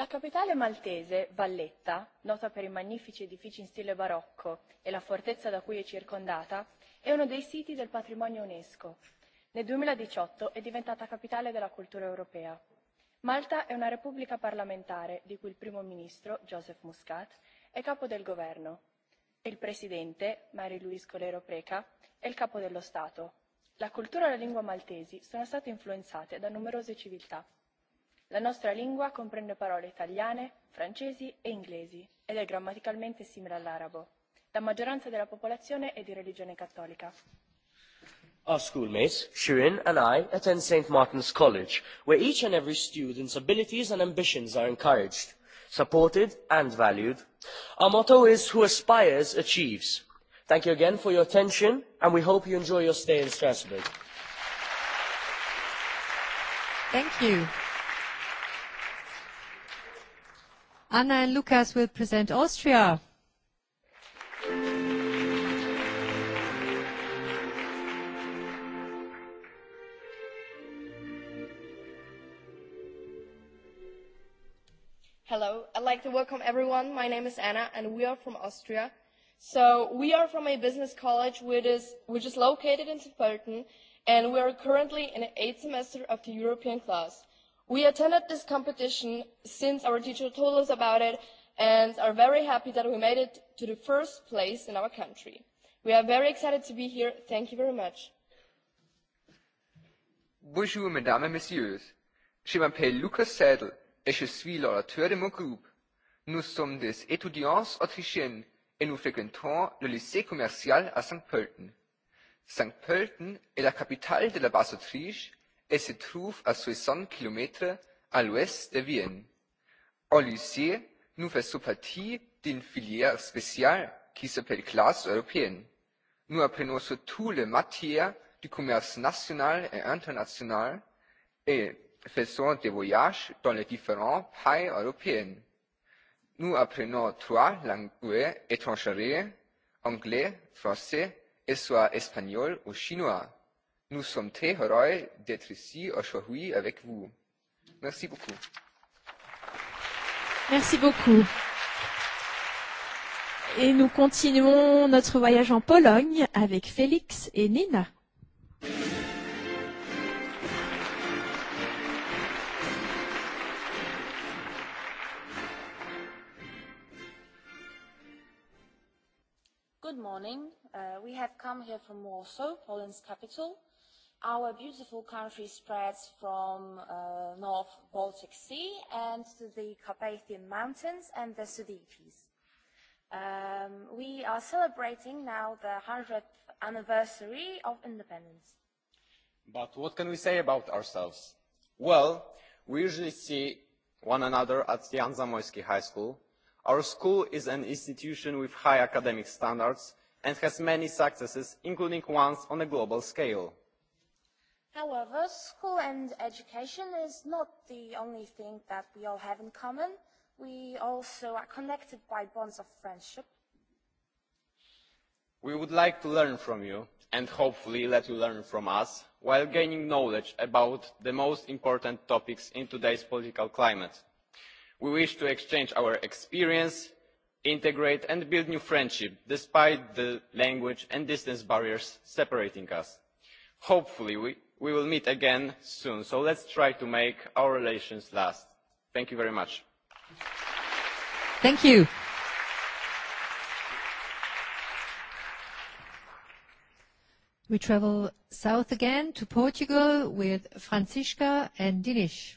la capitale maltese valletta nota per i magnifici edifici in stile barocco e la fortezza da cui è circondata è uno dei siti del patrimonio unesco nel duemiladiciotto è diventata capitale della cultura europea. malta è una repubblica parlamentare di cui il primo ministro joseph muscat è capo del governo il presidente mary Luis colero preca è il capo dello stato. la cultura e la lingua maltesi sono state influenzate da numerose civiltà la nostra lingua comprende parole italiane francesi e inglesi ed è grammaticalmente simile all'arabo. la maggioranza della popolazione è di religione cattolica. Our schoolmates, Shirin and I, attend St. Martin's College, where each and every student's abilities and ambitions are encouraged, supported and valued. Our motto is Who aspires, achieves. Thank you again for your attention, and we hope you enjoy your stay in Strasbourg. Thank you. Anna and Lukas will present Austria. Hello, I'd like to welcome everyone. My name is Anna and we are from Austria. So we are from a business college which is, which is located in Tilburgen and we are currently in the eighth semester of the European class. We attended this competition since our teacher told us about it and are very happy that we made it to the first place in our country. We are very excited to be here. Thank you very much. Bonjour, mesdames et messieurs. Je m'appelle Lucas Sadel et je suis l'orateur de mon groupe. Nous sommes des étudiants autrichiens et nous fréquentons le lycée commercial à saint Pölten. saint Pölten est la capitale de la Basse-Autriche et se trouve à 60 km à l'ouest de Vienne. En lycée, nous faisons partie d'une filière spéciale qui s'appelle classe européenne. Nous apprenons surtout les matières du commerce national et international et faisons des voyages dans les différents pays européens. Nous apprenons trois langues étrangères, anglais, français et soit espagnol ou chinois Nous sommes très heureux d'être ici aujourd'hui avec vous. Merci beaucoup. Merci beaucoup. Et nous continuons notre voyage en Pologne avec Félix et Nina. Good morning. Uh, we have come here from Warsaw, Poland's capital our beautiful country spreads from uh, North Baltic Sea and to the Carpathian Mountains and the Sudetes. Um, we are celebrating now the 100th anniversary of independence. But what can we say about ourselves? Well, we usually see one another at Jan Zamoyski High School. Our school is an institution with high academic standards and has many successes, including ones on a global scale However, school and education is not the only thing that we all have in common. We also are connected by bonds of friendship. We would like to learn from you and hopefully let you learn from us while gaining knowledge about the most important topics in today's political climate. We wish to exchange our experience, integrate and build new friendship despite the language and distance barriers separating us. Hopefully we we will meet again soon so let's try to make our relations last. thank you very much. thank you. We travel south again to Portugal with franziska and Dinish.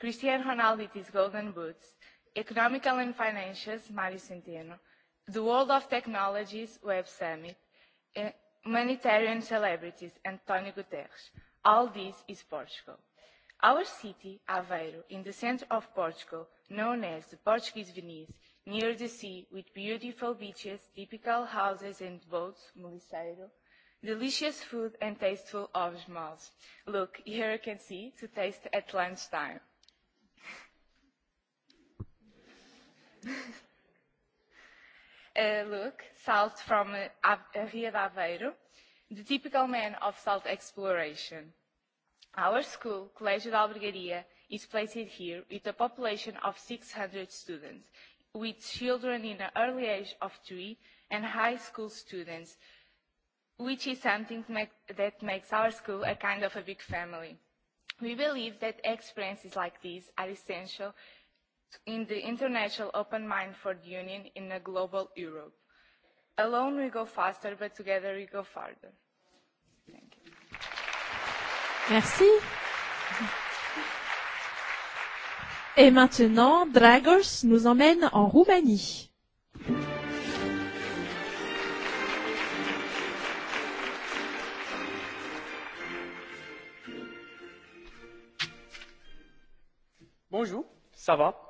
Cristiano Ronaldo with his golden boots, Economical and Financials, Mario Centeno, the World of Technologies Web Summit, eh, humanitarian celebrities, Antonio Guterres. All this is Portugal. Our city, Aveiro, in the centre of Portugal, known as the Portuguese Venice, near the sea with beautiful beaches, typical houses and boats, Muliceiro, delicious food and tasteful of smalls. Look, here you can see to taste at lunchtime. uh, look, salt from uh, a uh, Ria de Aveiro, the typical man of salt exploration. Our school, Colégio da Albergaria, is placed here with a population of 600 students, with children in the early age of three and high school students, which is something make, that makes our school a kind of a big family. We believe that experiences like these are essential in the international open mind for the Union in a global Europe. Alone we go faster, but together we go farther. Thank you. Merci. Et maintenant, Dragos nous emmène en Roumanie. Bonjour, ça va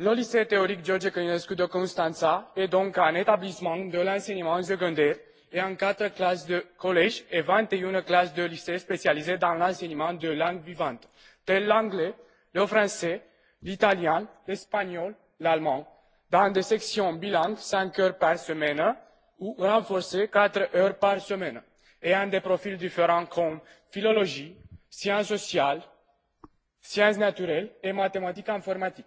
Le lycée théorique George Călinescu de Constanța est donc un établissement de l'enseignement secondaire et en quatre classes de collège et vingt et une classes de lycée spécialisées dans l'enseignement de langues vivantes, telles l'anglais, le français, l'italien, l'espagnol, l'allemand, dans des sections bilingues cinq heures par semaine ou renforcées quatre heures par semaine, ayant des profils différents comme philologie, sciences sociales, sciences naturelles et mathématiques informatiques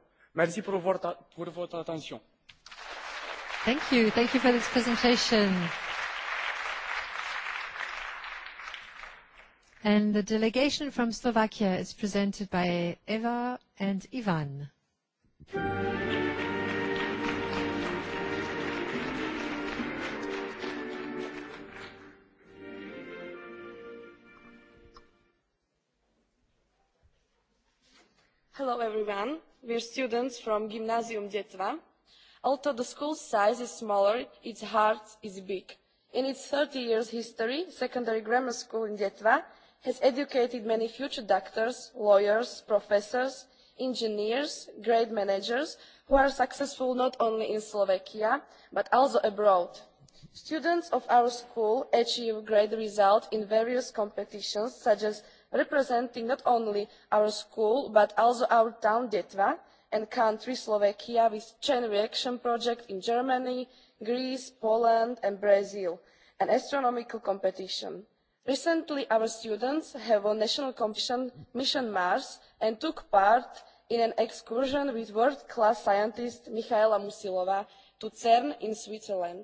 Merci pour, votre, pour votre attention. Thank you. Thank you for this presentation. And the delegation from Slovakia is presented by Eva and Ivan. Thank you. Hello everyone, we're students from Gymnasium Detva. Although the school size is smaller, its heart is big. In its 30 years history, secondary grammar school in Detva has educated many future doctors, lawyers, professors, engineers, grade managers who are successful not only in Slovakia but also abroad. Students of our school achieve great results in various competitions such as representing not only our school but also our town detva and country slovakia with chain reaction project in germany greece poland and brazil an astronomical competition. recently our students have won national competition mission mars and took part in an excursion with world class scientist michaela musilova to cern in switzerland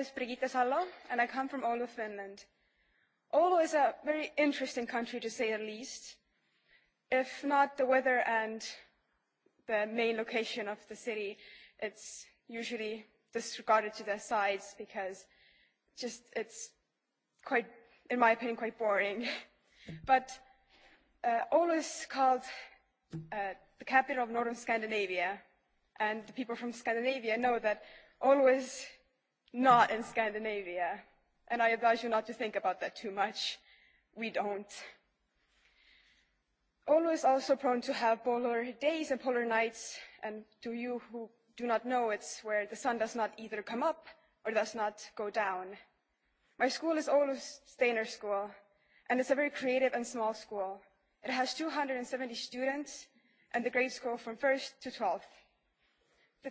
name is Brigitte Sallo and I come from Oulu, Finland. Oulu is a very interesting country, to say the least, if not the weather and the main location of the city, it's usually disregarded to the sides because just it's quite, in my opinion, quite boring. but uh, Oulu is called uh, the capital of northern Scandinavia, and the people from Scandinavia know that Oulu is not in Scandinavia. And I advise you not to think about that too much. We don't. Olu is also prone to have polar days and polar nights. And to you who do not know, it's where the sun does not either come up or does not go down. My school is Olu Steiner School, and it's a very creative and small school. It has 270 students and the grade school from first to 12th. The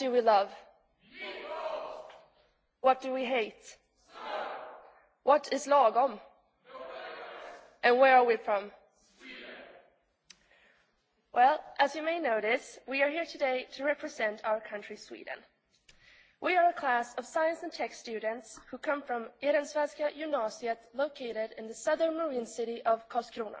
do we love? People. What do we hate? Sir. What is lagom? And where are we from? Sweden. Well, as you may notice, we are here today to represent our country, Sweden. We are a class of science and tech students who come from Erensvenska gymnasiet located in the southern marine city of Karlskrona.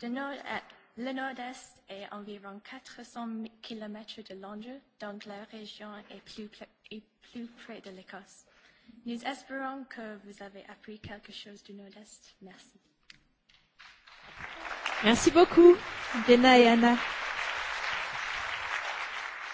De nord à, le nord-est est environ 400 km de Londres, donc la région est plus, est plus près de l'Écosse. Nous espérons que vous avez appris quelque chose du nord-est. Merci. Merci beaucoup, Dena et Anna.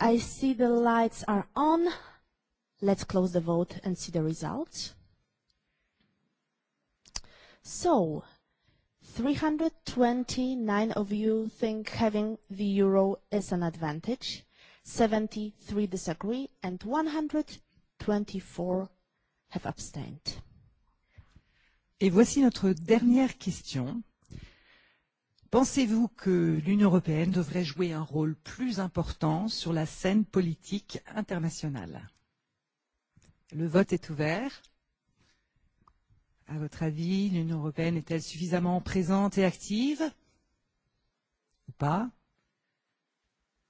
I see the lights are on. Let's close the vote and see the results. So, 329 of you think having the euro is an advantage, 73 disagree, and 124 have abstained. Et voici notre dernière question Pensez-vous que l'Union européenne devrait jouer un rôle plus important sur la scène politique internationale Le vote est ouvert. À votre avis, l'Union européenne est-elle suffisamment présente et active ou pas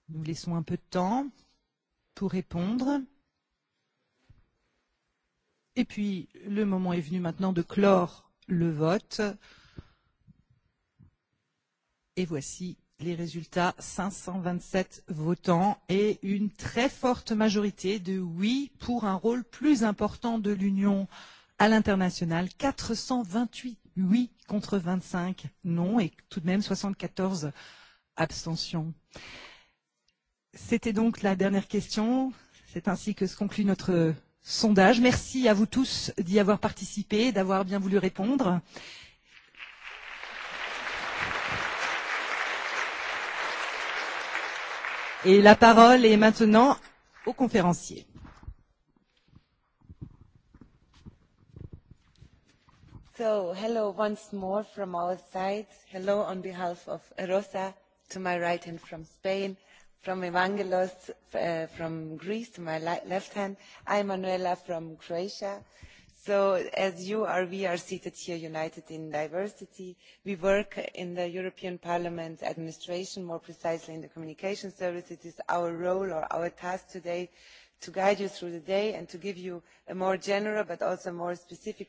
Nous laissons un peu de temps pour répondre. Et puis, le moment est venu maintenant de clore le vote. Et voici les résultats. 527 votants et une très forte majorité de oui pour un rôle plus important de l'Union à l'international. 428 oui contre 25 non et tout de même 74 abstentions. C'était donc la dernière question. C'est ainsi que se conclut notre sondage. Merci à vous tous d'y avoir participé, d'avoir bien voulu répondre. Et la parole est maintenant au conférencier. So, hello once more from our side. Hello on behalf of Rosa to my right hand from Spain, from Evangelos uh, from Greece to my left hand. I'm Manuela from Croatia so as you are, we are seated here united in diversity. We work in the European Parliament administration, more precisely in the communication service. It is our role or our task today to guide you through the day and to give you a more general but also more specific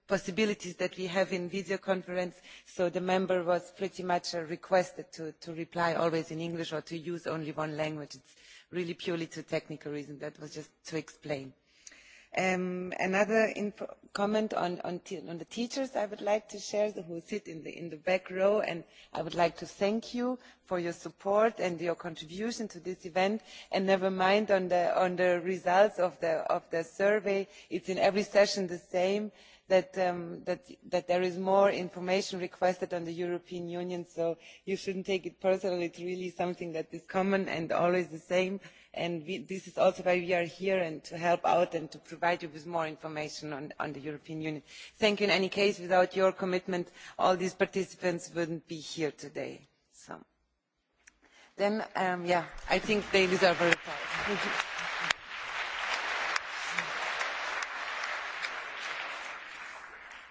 possibilities that we have in video conference so the member was pretty much uh, requested to, to reply always in english or to use only one language. it is really purely for technical reasons that was just to explain. Um, another comment on, on, on the teachers i would like to share who sit in the, in the back row and i would like to thank you for your support and your contribution to this event and never mind on the, on the results of the, of the survey it is in every session the same that, um, that, that there is more information requested on the European Union, so you shouldn't take it personally. It's really something that is common and always the same. And we, this is also why we are here and to help out and to provide you with more information on, on the European Union. Thank you. In any case, without your commitment, all these participants wouldn't be here today. So then, um, yeah, I think they deserve a report.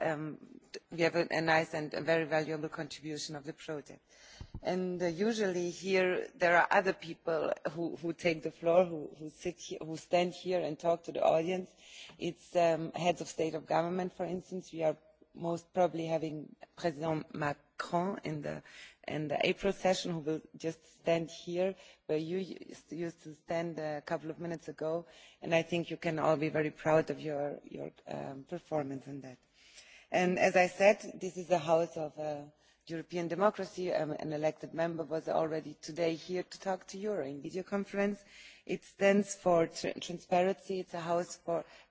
um, we have a, a nice and a very valuable contribution of the project. And uh, usually here there are other people who, who take the floor, who, who, sit here, who stand here and talk to the audience. It's um, heads of state of government, for instance. We are most probably having President Macron in the, in the April session who will just stand here where you used to stand a couple of minutes ago. And I think you can all be very proud of your, your um, performance in that. And as I said, this is a house of uh, European democracy. and um, an elected member was already today here to talk to you in video conference. It stands for transparency, it is a house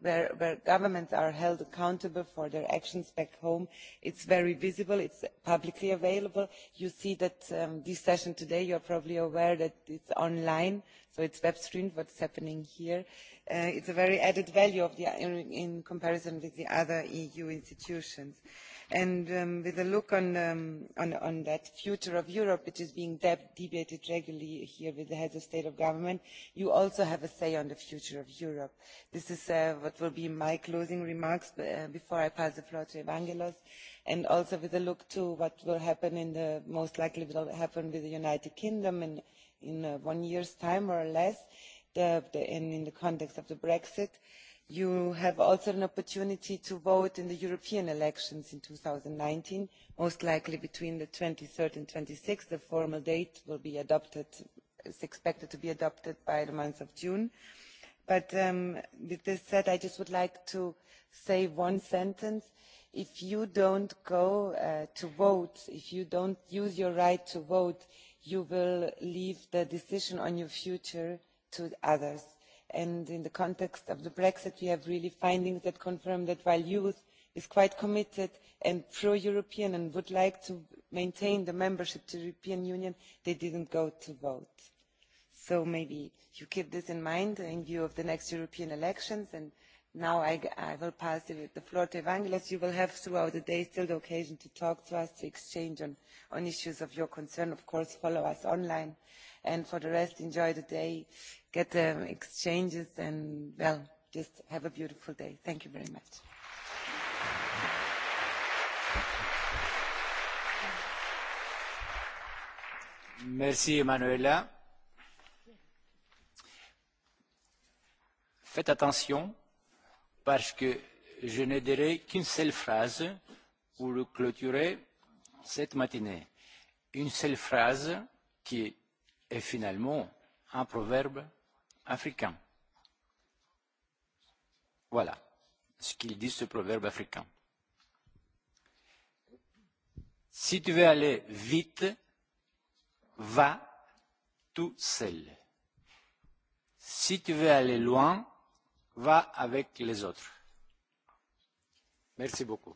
where, governments are held accountable for their actions back home. It is very visible. it is publicly available. You see that um, this session today, you are probably aware that it is online, so it is web streamed what is happening here. Uh, it is a very added value in, comparison with the other EU institutions and um, with a look um, on, that future of europe which is being debated regularly here with the heads of state of government you also have a say on the future of europe. this is uh, what will be my closing remarks uh, before i pass the floor to evangelos and also with a look to what will happen in the most likely will happen with the united kingdom in, in uh, one year's time or less the, in, in the context of the brexit you have also an opportunity to vote in the european elections in two thousand and nineteen most likely between twenty three and twenty six the formal date will be adopted is expected to be adopted by the month of june. but um, with this said i just would like to say one sentence if you don't go uh, to vote if you don't use your right to vote you will leave the decision on your future to others and in the context of the brexit we have really findings that confirm that while youth is quite committed and pro european and would like to maintain the membership of the european union they did not go to vote. so maybe you keep this in mind in view of the next european elections and now i, I will pass the floor to evangelos. you will have throughout the day still the occasion to talk to us to exchange on, on issues of your concern of course follow us online and for the rest enjoy the day get the exchanges and well just have a beautiful day thank you very much merci Emanuela faites attention parce que je ne dirai qu'une seule phrase pour clôturer cette matinée une seule phrase qui est est finalement un proverbe africain. Voilà ce qu'il dit ce proverbe africain. Si tu veux aller vite, va tout seul. Si tu veux aller loin, va avec les autres. Merci beaucoup.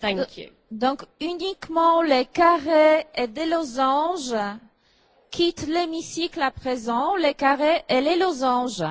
Thank euh, you. Donc uniquement les carrés et des losanges quittent l'hémicycle à présent, les carrés et les losanges.